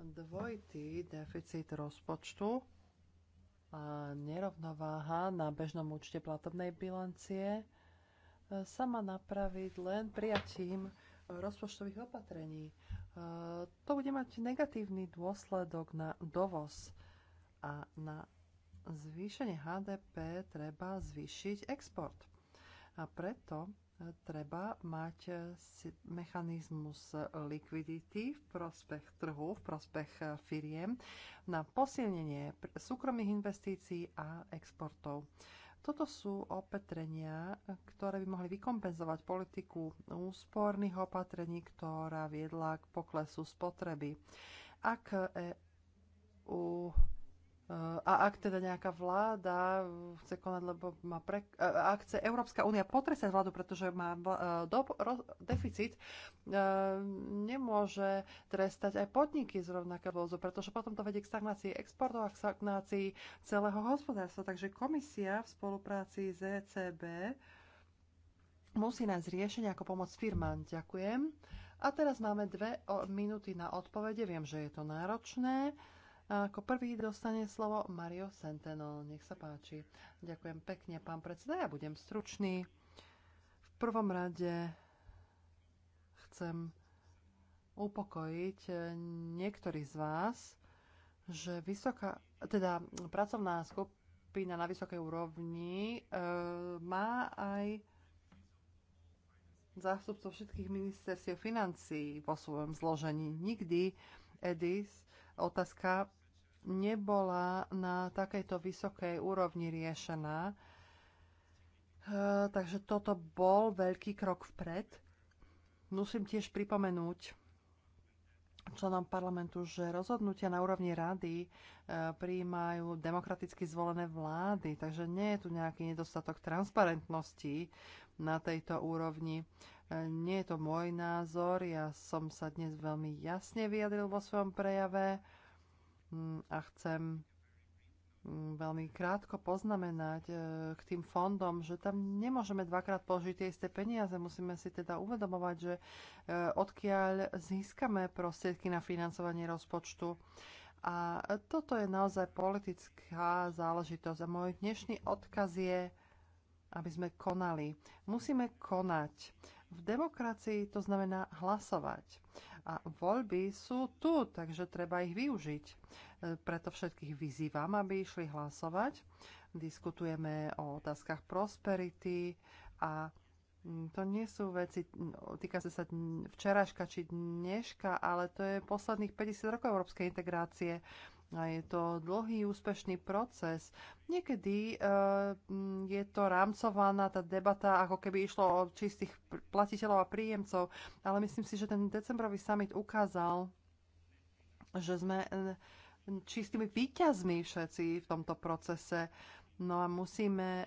Dvojitý deficit rozpočtu, a nerovnováha na bežnom účte platobnej bilancie sa má napraviť len prijatím rozpočtových opatrení. E, to bude mať negatívny dôsledok na dovoz a na zvýšenie HDP treba zvýšiť export. A preto e, treba mať e, mechanizmus likvidity v prospech trhu, v prospech firiem na posilnenie súkromných investícií a exportov. Toto sú opatrenia, ktoré by mohli vykompenzovať politiku úsporných opatrení, ktorá viedla k poklesu spotreby. Ak EU a ak teda nejaká vláda chce konať, lebo má pre... Ak chce Európska únia potresať vládu, pretože má e, do... roz... deficit, e, nemôže trestať aj podniky z rovnakého vozu, pretože potom to vedie k stagnácii exportov a k stagnácii celého hospodárstva. Takže komisia v spolupráci s ECB musí nájsť riešenie, ako pomoc firmám. Ďakujem. A teraz máme dve minúty na odpovede. Viem, že je to náročné. A ako prvý dostane slovo Mario Centeno. Nech sa páči. Ďakujem pekne, pán predseda. Ja budem stručný. V prvom rade chcem upokojiť eh, niektorých z vás, že vysoká, teda pracovná skupina na vysokej úrovni e, má aj zástupcov všetkých ministerstiev financií vo svojom zložení. Nikdy EDIS otázka nebola na takejto vysokej úrovni riešená. E, takže toto bol veľký krok vpred. Musím tiež pripomenúť členom parlamentu, že rozhodnutia na úrovni rady e, prijímajú demokraticky zvolené vlády, takže nie je tu nejaký nedostatok transparentnosti na tejto úrovni. Nie je to môj názor, ja som sa dnes veľmi jasne vyjadril vo svojom prejave mm, a chcem mm, veľmi krátko poznamenať e, k tým fondom, že tam nemôžeme dvakrát použiť tie isté peniaze. Musíme si teda uvedomovať, že e, odkiaľ získame prostriedky na financovanie rozpočtu. A toto je naozaj politická záležitosť. A môj dnešný odkaz je, aby sme konali. Musíme konať. V demokracii to znamená hlasovať. A voľby sú tu, takže treba ich využiť. E, preto všetkých vyzývam, aby išli hlasovať. Diskutujeme o otázkach prosperity a to nie sú veci, týka sa včeraška či dneška, ale to je posledných 50 rokov európskej integrácie a je to dlhý úspešný proces. Niekedy uh, je to rámcovaná tá debata, ako keby išlo o čistých platiteľov a príjemcov, ale myslím si, že ten decembrový summit ukázal, že sme eh, čistými výťazmi všetci v tomto procese. No a musíme eh,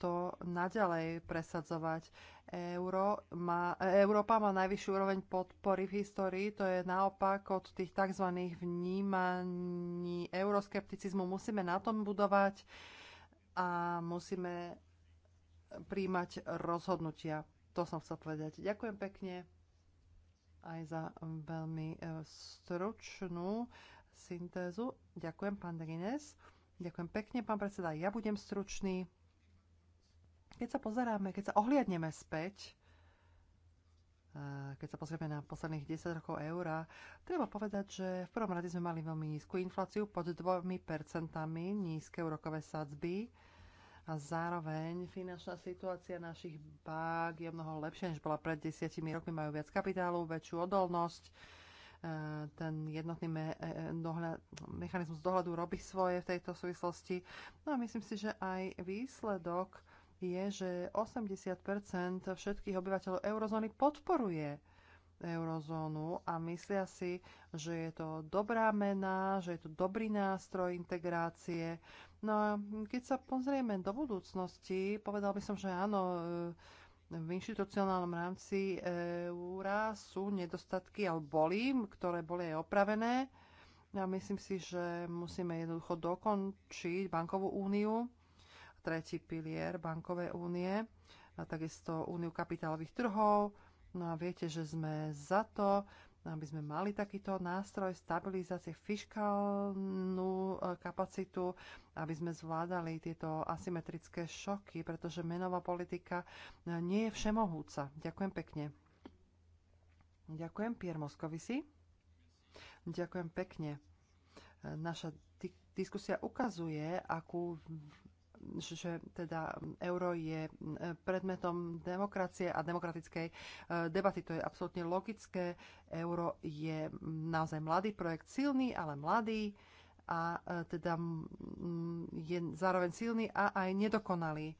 to naďalej presadzovať. Euro má, Európa má najvyššiu úroveň podpory v histórii, to je naopak od tých tzv. vnímaní euroskepticizmu. Musíme na tom budovať a musíme príjmať rozhodnutia. To som chcel povedať. Ďakujem pekne aj za veľmi e, stručnú syntézu. Ďakujem, pán Drines. Ďakujem pekne, pán predseda. Ja budem stručný keď sa pozeráme, keď sa ohliadneme späť, e, keď sa pozrieme na posledných 10 rokov eura, treba povedať, že v prvom rade sme mali veľmi nízku infláciu pod 2%, nízke úrokové sadzby a zároveň finančná situácia našich bank je mnoho lepšia, než bola pred desiatimi rokmi, majú viac kapitálu, väčšiu odolnosť, e, ten jednotný me- e, dohľad, mechanizmus dohľadu robí svoje v tejto súvislosti. No a myslím si, že aj výsledok je, že 80 všetkých obyvateľov eurozóny podporuje eurozónu a myslia si, že je to dobrá mena, že je to dobrý nástroj integrácie. No a keď sa pozrieme do budúcnosti, povedal by som, že áno, e, v inštitucionálnom rámci eura sú nedostatky, ale boli, ktoré boli aj opravené. Ja myslím si, že musíme jednoducho dokončiť bankovú úniu tretí pilier bankovej únie a takisto úniu kapitálových trhov. No a viete, že sme za to, aby sme mali takýto nástroj stabilizácie fiskálnu e, kapacitu, aby sme zvládali tieto asymetrické šoky, pretože menová politika e, nie je všemohúca. Ďakujem pekne. Ďakujem, Pier Moskovisi. Ďakujem pekne. E, naša diskusia ukazuje, akú že teda euro je e, predmetom demokracie a demokratickej e, debaty. To je absolútne logické. Euro je naozaj mladý projekt, silný, ale mladý a e, teda je zároveň silný a aj nedokonalý.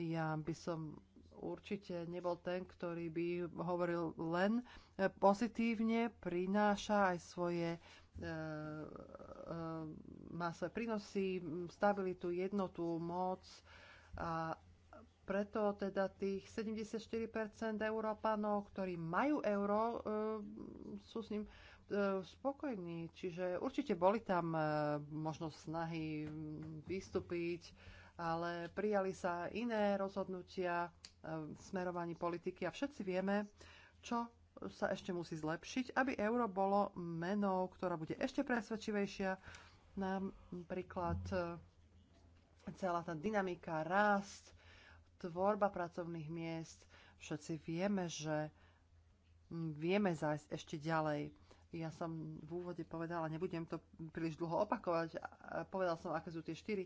Ja by som určite nebol ten, ktorý by hovoril len pozitívne, prináša aj svoje E, e, má svoje prínosy, stabilitu, jednotu, moc a preto teda tých 74% Európanov, ktorí majú euro, e, sú s ním spokojní. Čiže určite boli tam možno snahy vystúpiť, ale prijali sa iné rozhodnutia smerovaní politiky a všetci vieme, čo sa ešte musí zlepšiť, aby euro bolo menou, ktorá bude ešte presvedčivejšia. Napríklad e, celá tá dynamika, rast, tvorba pracovných miest. Všetci vieme, že vieme zájsť ešte ďalej. Ja som v úvode povedala, nebudem to príliš dlho opakovať, povedal som, aké sú tie štyri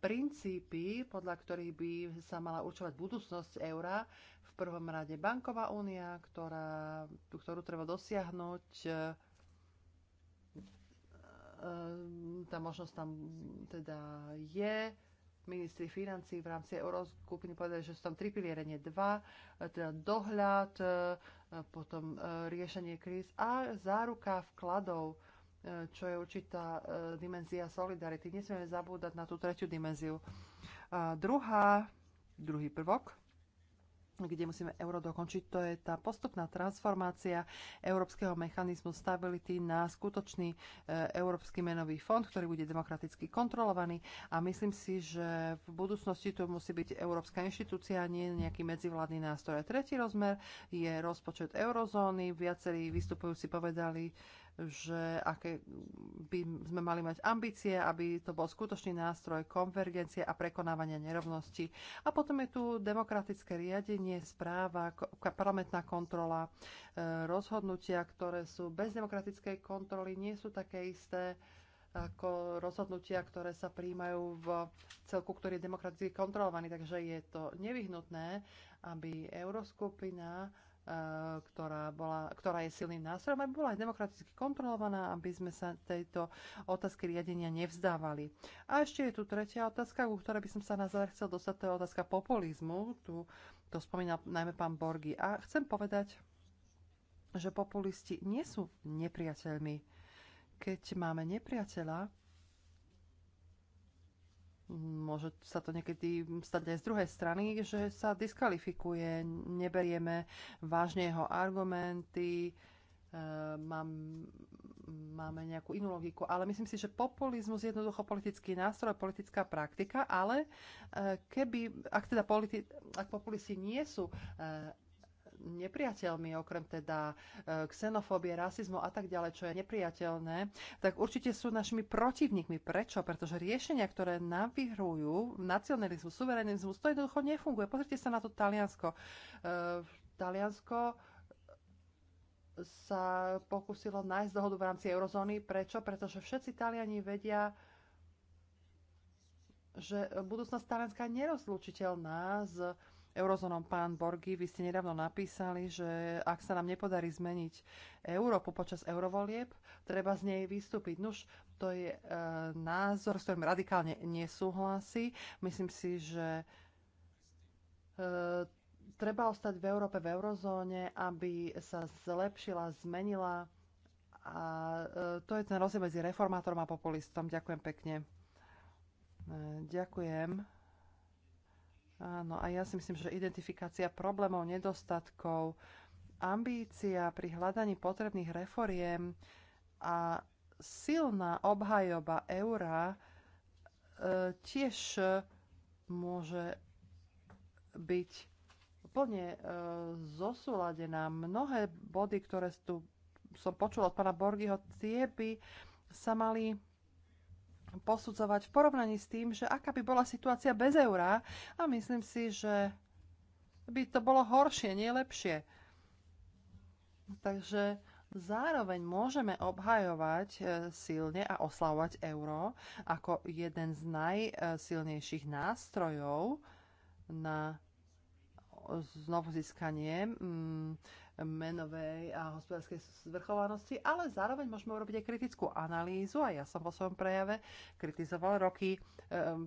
princípy, podľa ktorých by sa mala určovať budúcnosť eura. V prvom rade banková únia, ktorá, ktorú treba dosiahnuť e, e, tá možnosť tam teda je. Ministri financí v rámci euroskupiny povedali, že sú tam tri piliere, nie dva, e, teda dohľad, potom riešenie kríz a záruka vkladov. E, čo je určitá e, dimenzia solidarity. Nesmieme zabúdať na tú tretiu dimenziu. A e, druhá, druhý prvok, kde musíme euro dokončiť, to je tá postupná transformácia Európskeho mechanizmu stability na skutočný Európsky menový fond, ktorý bude demokraticky kontrolovaný a myslím si, že v budúcnosti to musí byť Európska inštitúcia, nie nejaký medzivládny nástroj. Tretí rozmer je rozpočet eurozóny. Viacerí vystupujúci povedali, že aké by sme mali mať ambície, aby to bol skutočný nástroj konvergencie a prekonávania nerovností. A potom je tu demokratické riadenie, správa, parlamentná kontrola, e, rozhodnutia, ktoré sú bez demokratickej kontroly, nie sú také isté ako rozhodnutia, ktoré sa príjmajú v celku, ktorý je demokraticky kontrolovaný. Takže je to nevyhnutné, aby Euroskupina Eh, ktorá, bola, ktorá je silným nástrojom, aby bola aj demokraticky kontrolovaná, aby sme sa tejto otázky riadenia nevzdávali. A ešte je tu tretia otázka, ku ktorej by som sa na záver chcel dostať, to je otázka populizmu. Tu to spomínal najmä pán Borgi. A chcem povedať, že populisti nie sú nepriateľmi. Keď máme nepriateľa, môže sa to niekedy stať aj z druhej strany, že sa diskvalifikuje, neberieme vážne jeho argumenty, e, mám, máme nejakú inú logiku. Ale myslím si, že populizmus je jednoducho politický nástroj, politická praktika, ale e, keby, ak teda politi- ak populisti nie sú e, nepriateľmi, okrem teda e, xenofóbie, rasizmu a tak ďalej, čo je nepriateľné, tak určite sú našimi protivníkmi. Prečo? Pretože riešenia, ktoré navihrujú nacionalizmu, suverenizmus, to jednoducho nefunguje. Pozrite sa na to Taliansko. E, Taliansko sa pokúsilo nájsť dohodu v rámci eurozóny. Prečo? Pretože všetci Taliani vedia, že budúcnosť Talianska je nerozlučiteľná s eurozónom pán Borgi, vy ste nedávno napísali, že ak sa nám nepodarí zmeniť Európu počas eurovolieb, treba z nej vystúpiť. Nuž, to je e, názor, s ktorým radikálne nesúhlasí. Myslím si, že e, treba ostať v Európe, v eurozóne, aby sa zlepšila, zmenila. A e, to je ten rozdiel medzi reformátorom a populistom. Ďakujem pekne. E, ďakujem. Áno, a ja si myslím, že identifikácia problémov, nedostatkov, ambícia pri hľadaní potrebných reforiem a silná obhajoba eura e, tiež môže byť plne e, zosúladená. Mnohé body, ktoré tu som počula od pána Borgiho, tie by sa mali posudzovať v porovnaní s tým, že aká by bola situácia bez eurá a myslím si, že by to bolo horšie, nie lepšie. Takže zároveň môžeme obhajovať e, silne a oslavovať euro ako jeden z najsilnejších nástrojov na znovu získanie mm, menovej a hospodárskej zvrchovanosti, ale zároveň môžeme urobiť aj kritickú analýzu a ja som vo svojom prejave kritizoval roky e,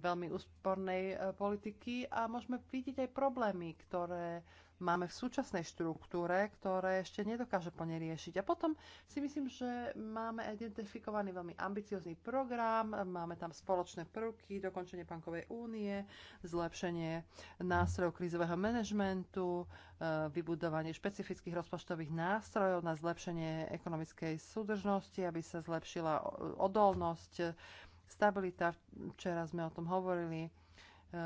veľmi úspornej e, politiky a môžeme vidieť aj problémy, ktoré máme v súčasnej štruktúre, ktoré ešte nedokáže plne riešiť. A potom si myslím, že máme identifikovaný veľmi ambiciózny program, máme tam spoločné prvky, dokončenie bankovej únie, zlepšenie nástrojov krízového manažmentu, e, vybudovanie špecifických rozpočtových nástrojov na zlepšenie ekonomickej súdržnosti, aby sa zlepšila odolnosť stabilita, včera sme o tom hovorili, Eh,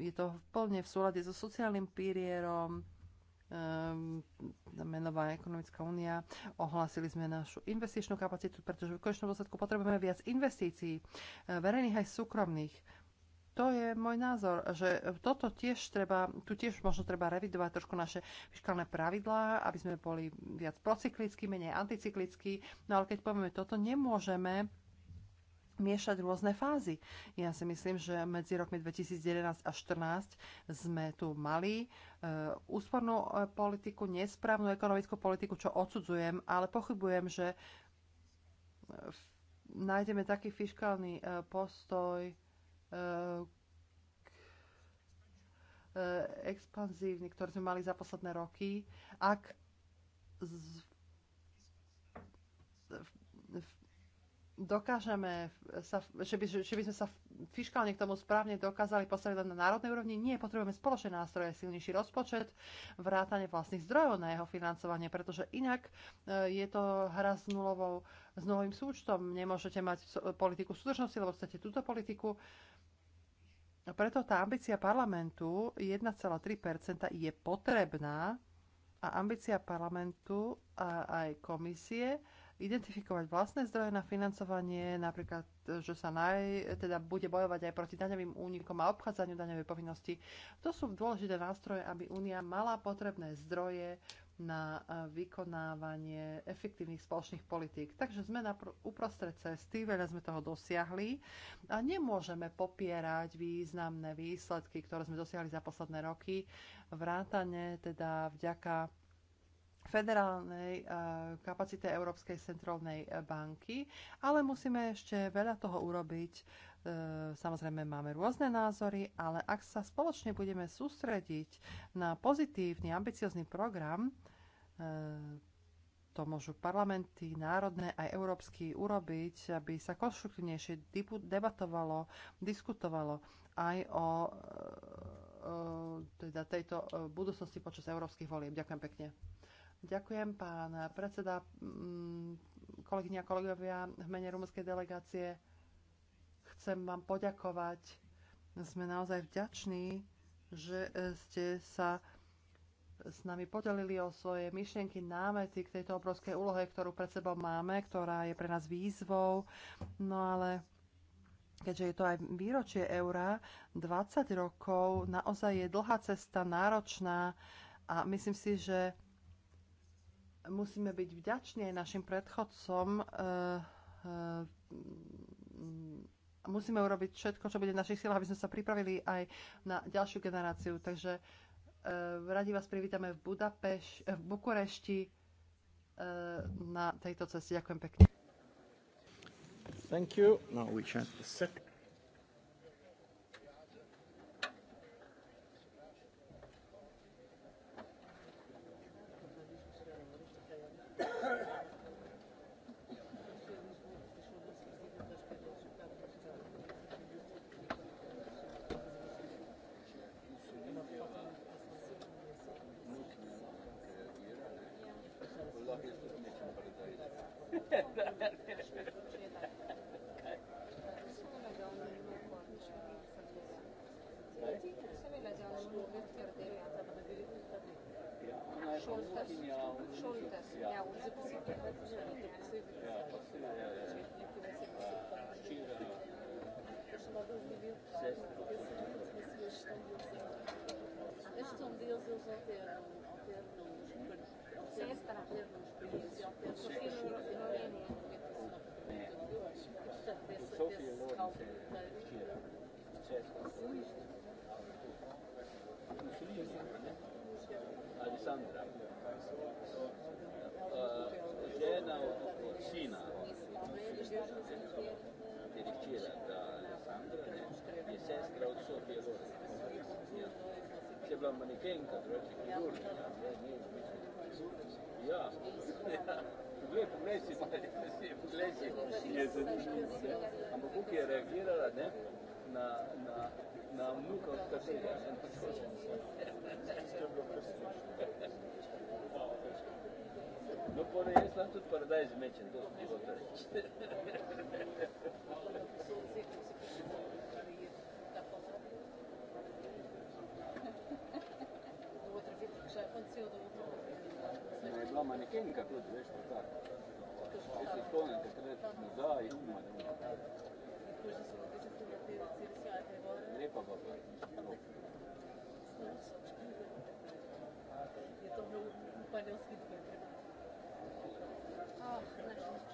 je to plne v súlade so sociálnym pilierom, eh, menová ekonomická únia. Ohlásili sme našu investičnú kapacitu, pretože v konečnom dôsledku potrebujeme viac investícií, eh, verejných aj súkromných. To je môj názor, že toto tiež treba, tu tiež možno treba revidovať trošku naše fiskálne pravidlá, aby sme boli viac procyklickí, menej anticyklickí. No ale keď povieme toto, nemôžeme miešať rôzne fázy. Ja si myslím, že medzi rokmi 2011 a 2014 sme tu mali e, úspornú e, politiku, nesprávnu ekonomickú politiku, čo odsudzujem, ale pochybujem, že e, nájdeme taký fiskálny e, postoj e, e, expanzívny, ktorý sme mali za posledné roky, ak z, dokážeme sa, že by, že by sme sa fiskálne k tomu správne dokázali postaviť len na národnej úrovni. Nie, potrebujeme spoločné nástroje, silnejší rozpočet, vrátanie vlastných zdrojov na jeho financovanie, pretože inak e, je to hra s, nulovou, s nulovým súčtom. Nemôžete mať politiku súdržnosti, lebo chcete túto politiku. Preto tá ambícia parlamentu 1,3% je potrebná a ambícia parlamentu a aj komisie identifikovať vlastné zdroje na financovanie, napríklad, že sa naj, teda bude bojovať aj proti daňovým únikom a obchádzaniu daňovej povinnosti. To sú dôležité nástroje, aby Únia mala potrebné zdroje na e, vykonávanie efektívnych spoločných politík. Takže sme na uprostred cesty, veľa sme toho dosiahli a nemôžeme popierať významné výsledky, ktoré sme dosiahli za posledné roky, vrátane teda vďaka federálnej eh, kapacite Európskej centrálnej eh, banky, ale musíme ešte veľa toho urobiť. Eh, samozrejme máme rôzne názory, ale ak sa spoločne budeme sústrediť na pozitívny, ambiciozný program, to môžu parlamenty, národné aj európsky urobiť, aby sa konštruktívnejšie debatovalo, diskutovalo aj o teda tejto budúcnosti počas európskych volieb. Ďakujem pekne. Ďakujem, pán predseda, mm, kolegyňa a kolegovia v mene rumúnskej delegácie. Chcem vám poďakovať. Sme naozaj vďační, že e, ste sa s nami podelili o svoje myšlienky, námety k tejto obrovskej úlohe, ktorú pred sebou máme, ktorá je pre nás výzvou. No ale keďže je to aj výročie eura, 20 rokov naozaj je dlhá cesta, náročná a myslím si, že musíme byť vďační aj našim predchodcom. E, e, musíme urobiť všetko, čo bude v našich silách, aby sme sa pripravili aj na ďalšiu generáciu. Takže e, radi vás privítame v Budapešti, v Bukurešti na tejto ceste. Ďakujem pekne. Thank you. Now we check the second. Ma je bila manekenka tudi, veš, pa tak. Če si sklonjen takrat nazaj, uma, uma. Lepa pa bila. Je to bil panelski dvojk. Ah, naš nič.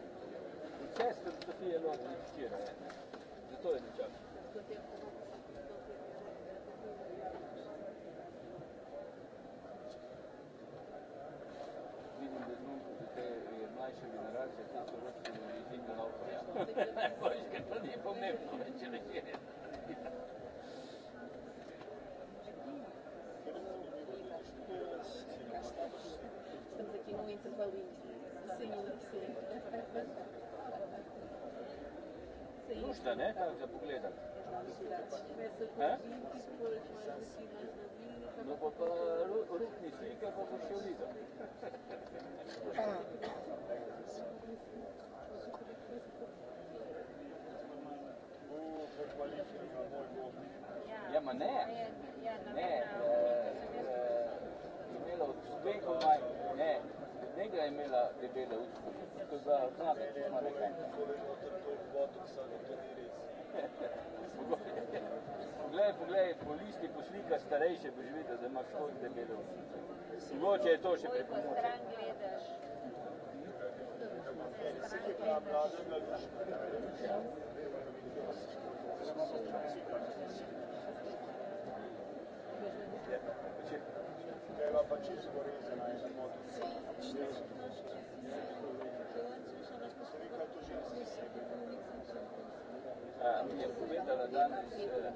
Testa de desafio agora. Puszta, ne? Tak, za pogledam. No bo pa rukni slika, pa bo še videl. Ja, ma ne. Eh, eh, ne. Imelo od Spekova, ne negra je imela debele usta, to je bila znaka, ima nekaj. Poglej, poglej, po listi po slika starejše boš videl, da imaš tako debele usta. Mogoče je to še pripomoče. Thank you aveva facesse vorrei la esa moto. А, мне поведала данная сила.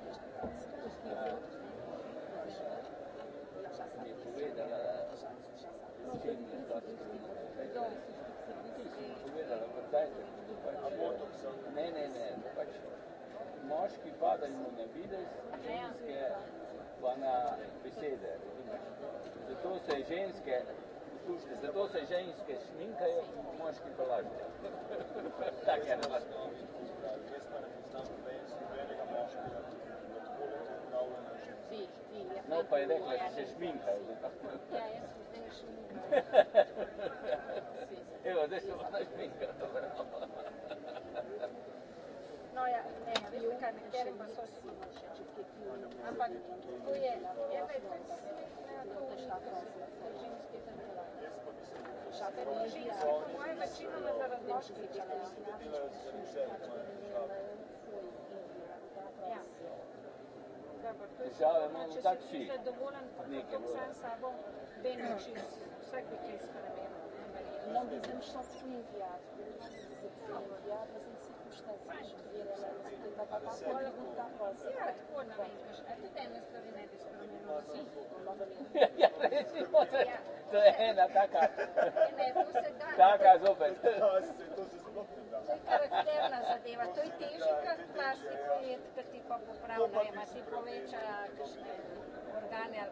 Мне поведала сильная датская. Поведала, вот дайте. А боток сам? Не, не, не, ну почему? Мошки падали на видость, женские ona besede. Zato se ženske, poslušajte, zato se ženske šminkajo, moški pa lažejo. Tak je. na vas. No, pa je rekla, da se šminkajo. Ja, jaz sem zdaj šminkala. Evo, zdaj se ona šminka, dobro. Noi ne avevamo cantiere qua sotto, ampak to je ena intenzivna družinskih Družinske, po mojem, večinoma zaradi moških delajo. Ja. Dobro, to je to, če se ti zadovoljen, pa kako sam sabo, vem, če vsak bi kaj spremenil. Non, disem šla svoj vijat. Non, disem šla svoj vijat. To je jedna taká, taká zopet. To je karakterna zadeva, to je težji kot plastik projekt, ker ti pa popravlja, ima ti poveča kakšne organe ali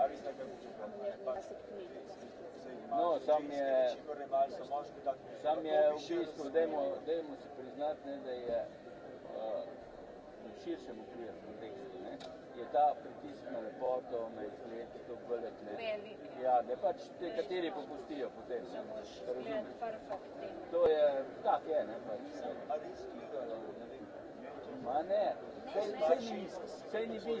No, sam je, sam je u bistvu, dajmo, dajmo si priznat, ne, da je uh, u širšem okviru kontekstu, ne, je ta pritisk na lepoto, na izgled, to velik, ne, ja, ne, pač kateri popustijo potem, ne, razumem. To je, tak je, ne, pač. Ma ne, sej, ni, sej ni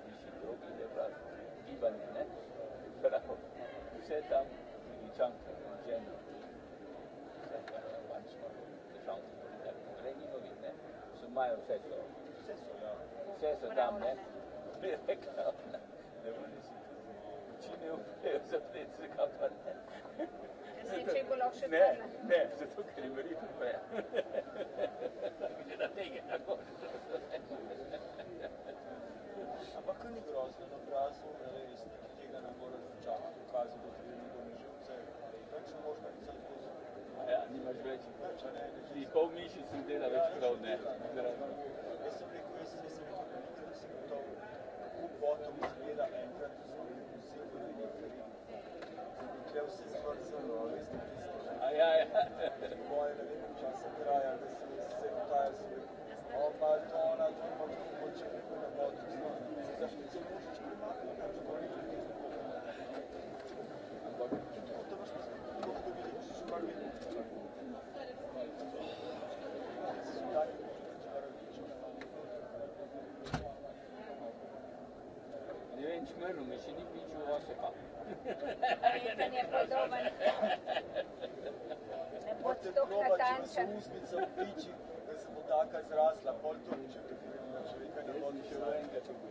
banane, però teda se tam licenza del genere, Zmajev vse so, vse so, ja. vse so tam, ne. Bi rekla, ne bom si učinil, zaplet se ga pa ne. Ne, ne, zato ker je verjetno prej. Gleda tega, tako. Ampak kar ni grozno, na obrazu ne ve resnik tega ne more čakati, dokazi bo tudi nekdo ne že Več ne moreš narediti samo to. Ja, nimaš več. Ti pol mišic ne dela več prav, ne. Jaz sem rekel, jaz sem rekel, da nikaj nisi gotov, kako potom izgleda enkrat v svoji muzeju na Niferi. Zakaj vse zvrcalo, veste, tisto. A ja, ja. Moje ne vem, časa traja, da se vse vtaja, sem rekel, o, to, ona, to, pa to, moče, ne bo, to, to, Mönum işini bir çuvası kap. Potem če vas piči, da se bo taka zrasla, pol to, če te filmira človeka, ne bo nič enega.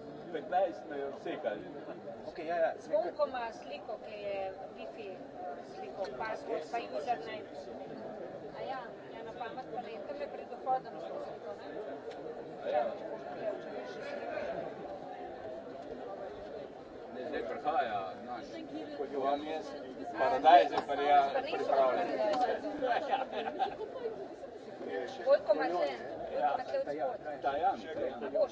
15 me je odsekali. Okay, ja, ja. Zvonko ima sliko, ki je Wi-Fi sliko, password pa username. A ja, ja na pamet pa ne, tam je pred dohodom šlo sliko, ne? Ja. Ne, zdaj prihaja naš, kot je vam jaz, paradajz je pa ja pripravljen. Vojko Marzen, tako je odspod. Tajan, Tajan.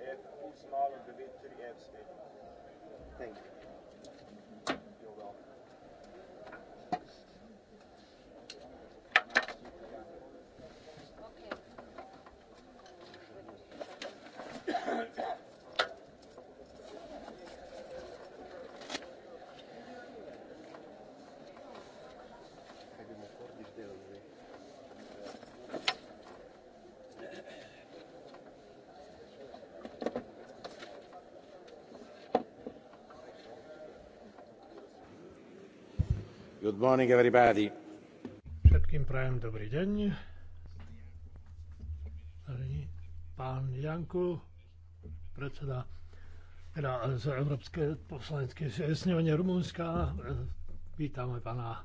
F по-смалък the ви 3 F Thank you. You're welcome. Good morning, everybody. Všetkým prajem dobrý deň. Pán Janku, predseda teda z Európskej poslaneckej snemovne Rumunska. Vítame pána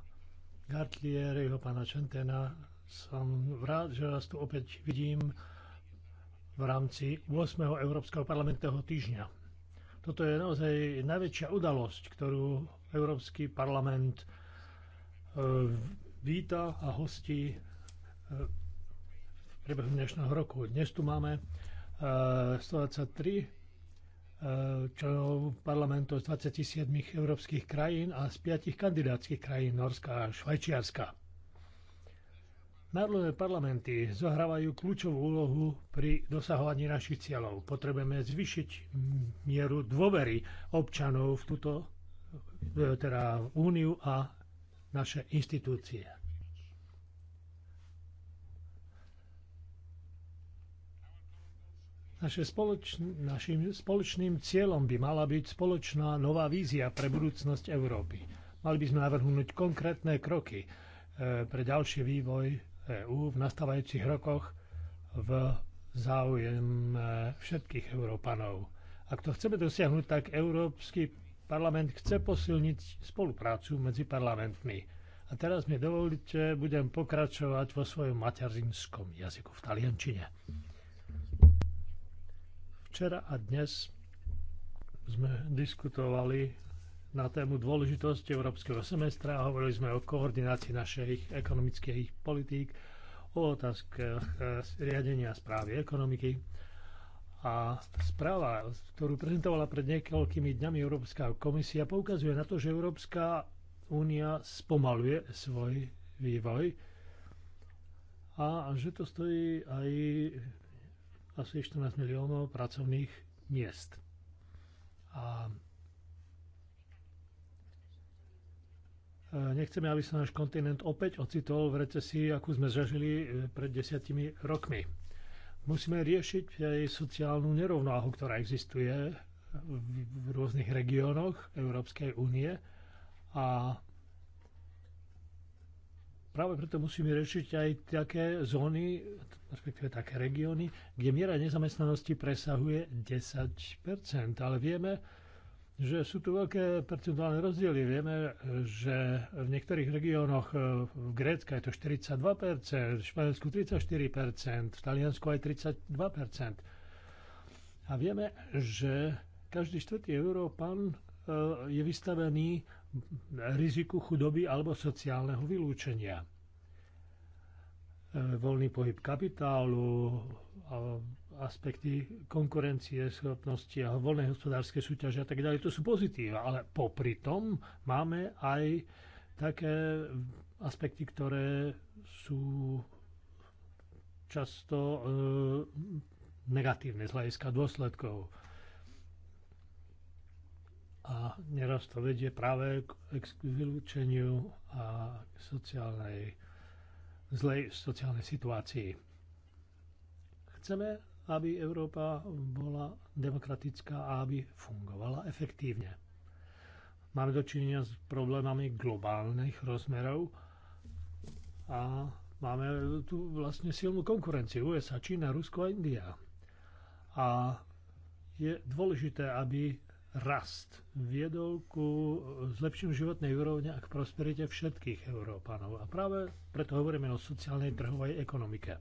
Gartlieriho, pána Čentena. Som rád, že vás tu opäť vidím v rámci 8. Európskeho parlamentného týždňa. Toto je naozaj najväčšia udalosť, ktorú Európsky parlament víta a hostí v eh, priebehu dnešného roku. Dnes tu máme 123 eh, eh, členov parlamentu z 27 európskych krajín a z 5 kandidátskych krajín Norska a Švajčiarska. Národné parlamenty zohrávajú kľúčovú úlohu pri dosahovaní našich cieľov. Potrebujeme zvyšiť mieru dôvery občanov v túto teda úniu a naše inštitúcie. Naše spoločn- našim spoločným cieľom by mala byť spoločná nová vízia pre budúcnosť Európy. Mali by sme navrhnúť konkrétne kroky e, pre ďalší vývoj EÚ v nastávajúcich rokoch v záujem všetkých Európanov. Ak to chceme dosiahnuť, tak európsky Parlament chce posilniť spoluprácu medzi parlamentmi. A teraz mi dovolíte, budem pokračovať vo svojom materinskom jazyku v taliančine. Včera a dnes sme diskutovali na tému dôležitosti európskeho semestra a hovorili sme o koordinácii našich ekonomických politík, o otázkach eh, riadenia správy ekonomiky a správa, ktorú prezentovala pred niekoľkými dňami Európska komisia, poukazuje na to, že Európska únia spomaluje svoj vývoj a že to stojí aj asi 14 miliónov pracovných miest. A nechceme, aby sa náš kontinent opäť ocitol v recesii, akú sme zažili pred desiatimi rokmi. Musíme riešiť aj sociálnu nerovnáhu, ktorá existuje v rôznych regiónoch Európskej únie a práve preto musíme riešiť aj také zóny, respektíve také regióny, kde miera nezamestnanosti presahuje 10 ale vieme, že sú tu veľké percentuálne rozdiely. Vieme, že v niektorých regiónoch e, v Grécku je to 42%, v Španielsku 34%, v Taliansku aj 32%. A vieme, že každý štvrtý Európan e, je vystavený riziku chudoby alebo sociálneho vylúčenia. E, voľný pohyb kapitálu, aspekty konkurencie, schopnosti a voľnej hospodárskej súťaže a tak ďalej. To sú pozitíva, ale popri tom máme aj také aspekty, ktoré sú často e, negatívne z hľadiska dôsledkov. A neraz to vedie práve k vylúčeniu a k sociálnej, zlej sociálnej situácii. Chceme aby Európa bola demokratická a aby fungovala efektívne. Máme dočinenia s problémami globálnych rozmerov a máme tu vlastne silnú konkurenciu USA, Čína, Rusko a India. A je dôležité, aby rast viedol ku zlepším životnej úrovne a k prosperite všetkých Európanov. A práve preto hovoríme o sociálnej trhovej ekonomike.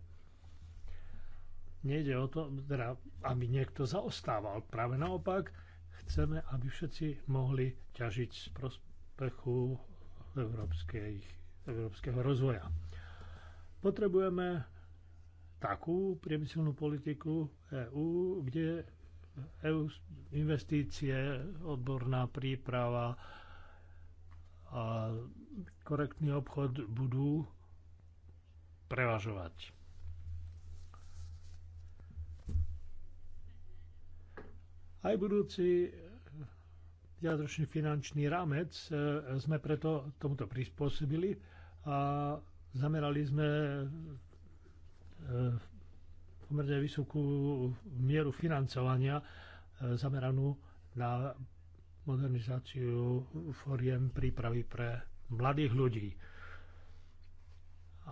Nejde o to, teda, aby niekto zaostával. Práve naopak, chceme, aby všetci mohli ťažiť z prospechu európskeho rozvoja. Potrebujeme takú priemyselnú politiku EÚ, kde EU investície, odborná príprava a korektný obchod budú prevažovať. Aj budúci eh, viadročný finančný rámec eh, sme preto tomuto prispôsobili a zamerali sme eh, pomerne vysokú mieru financovania zameranú na modernizáciu foriem prípravy pre mladých ľudí.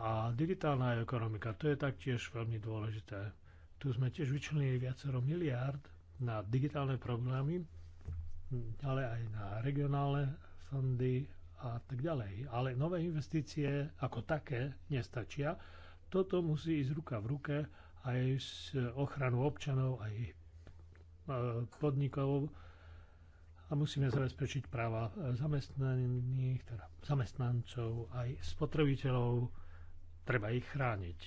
A digitálna ekonomika, to je taktiež veľmi dôležité. Tu sme tiež vyčlenili viacero miliárd na digitálne programy, ale aj na regionálne fondy a tak ďalej. Ale nové investície ako také nestačia. Toto musí ísť ruka v ruke aj s ochranou občanov, aj e, podnikov a musíme zabezpečiť práva e, zamestnaných, teda zamestnancov, aj spotrebiteľov. Treba ich chrániť.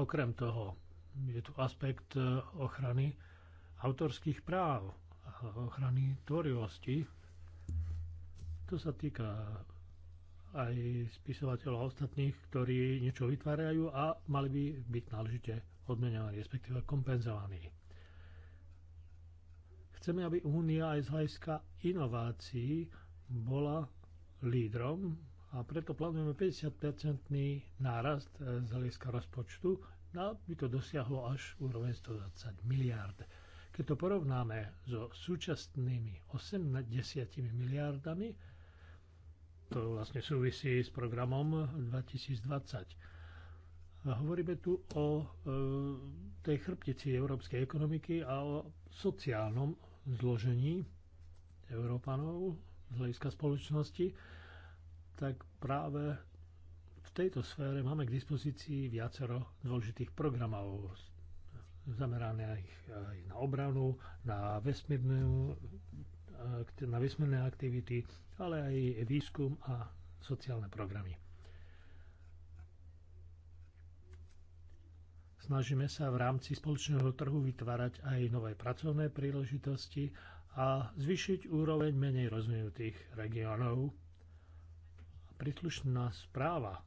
Okrem toho, je tu aspekt e, ochrany autorských práv a ochrany tvorivosti. To sa týka aj spisovateľov a ostatných, ktorí niečo vytvárajú a mali by byť náležite odmenovaní, respektíve kompenzovaní. Chceme, aby Únia aj z hľadiska inovácií bola lídrom a preto plánujeme 50-percentný nárast e, z hľadiska rozpočtu a no, by to dosiahlo až úroveň 120 miliárd. Keď to porovnáme so súčasnými 80 miliardami, to vlastne súvisí s programom 2020. A hovoríme tu o e, tej chrbtici európskej ekonomiky a o sociálnom zložení Európanov z hľadiska spoločnosti, tak práve v tejto sfére máme k dispozícii viacero dôležitých programov zameraných aj na obranu, na vesmírne, na vesmírne aktivity, ale aj výskum a sociálne programy. Snažíme sa v rámci spoločného trhu vytvárať aj nové pracovné príležitosti a zvyšiť úroveň menej rozvinutých regiónov. Príslušná správa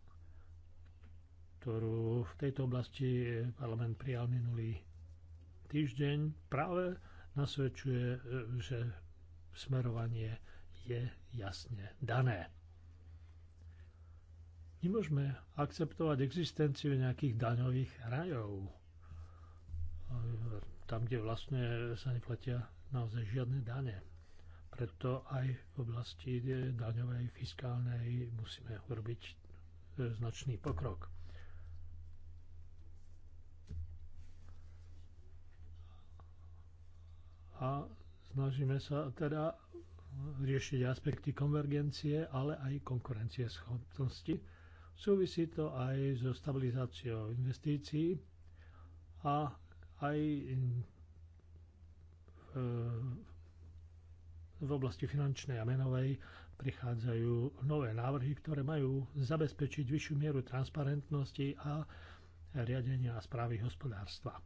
ktorú v tejto oblasti parlament prijal minulý týždeň, práve nasvedčuje, e, že smerovanie je jasne dané. Nemôžeme akceptovať existenciu nejakých daňových rajov, e, tam, kde vlastne sa neplatia naozaj žiadne dane. Preto aj v oblasti daňovej, fiskálnej musíme urobiť e, značný pokrok. a snažíme sa teda riešiť aspekty konvergencie, ale aj konkurencie schopnosti. Súvisí to aj so stabilizáciou investícií a aj v oblasti finančnej a menovej prichádzajú nové návrhy, ktoré majú zabezpečiť vyššiu mieru transparentnosti a riadenia a správy hospodárstva.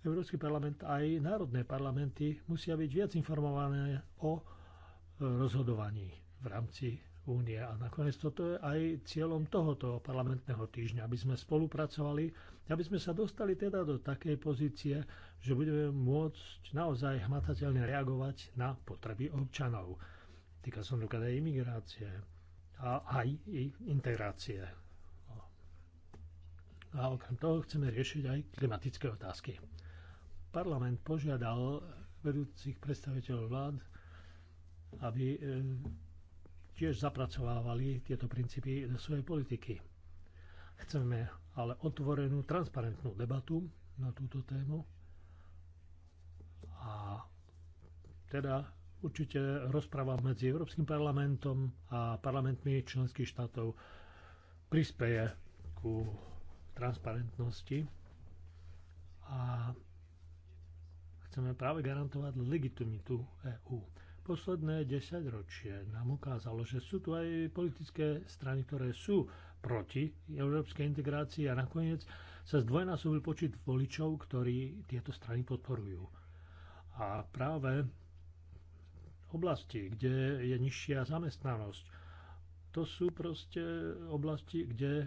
Európsky parlament aj národné parlamenty musia byť viac informované o e, rozhodovaní v rámci únie. A nakoniec toto je aj cieľom tohoto parlamentného týždňa, aby sme spolupracovali, aby sme sa dostali teda do takej pozície, že budeme môcť naozaj hmatateľne reagovať na potreby občanov. Týka sa napríklad aj imigrácie a aj integrácie a okrem toho chceme riešiť aj klimatické otázky parlament požiadal vedúcich predstaviteľov vlád, aby e, tiež zapracovávali tieto princípy do svojej politiky. Chceme ale otvorenú, transparentnú debatu na túto tému a teda určite rozpráva medzi Európskym parlamentom a parlamentmi členských štátov prispieje ku transparentnosti a Chceme práve garantovať legitimitu EÚ. Posledné 10 ročie nám ukázalo, že sú tu aj politické strany, ktoré sú proti európskej integrácii a nakoniec sa zdvojnásobil počet voličov, ktorí tieto strany podporujú. A práve oblasti, kde je nižšia zamestnanosť, to sú proste oblasti, kde e,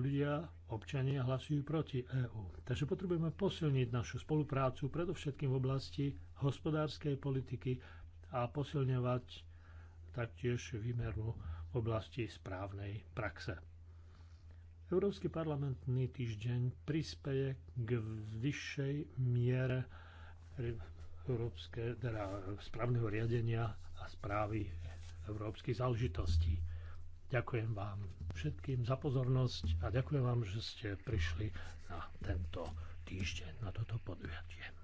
ľudia občania hlasujú proti EÚ. Takže potrebujeme posilniť našu spoluprácu predovšetkým v oblasti hospodárskej politiky a posilňovať taktiež výmeru v oblasti správnej praxe. Európsky parlamentný týždeň prispeje k vyššej miere európske, teda správneho riadenia a správy európskych záležitostí. Ďakujem vám všetkým za pozornosť a ďakujem vám, že ste prišli na tento týždeň, na toto podujatie.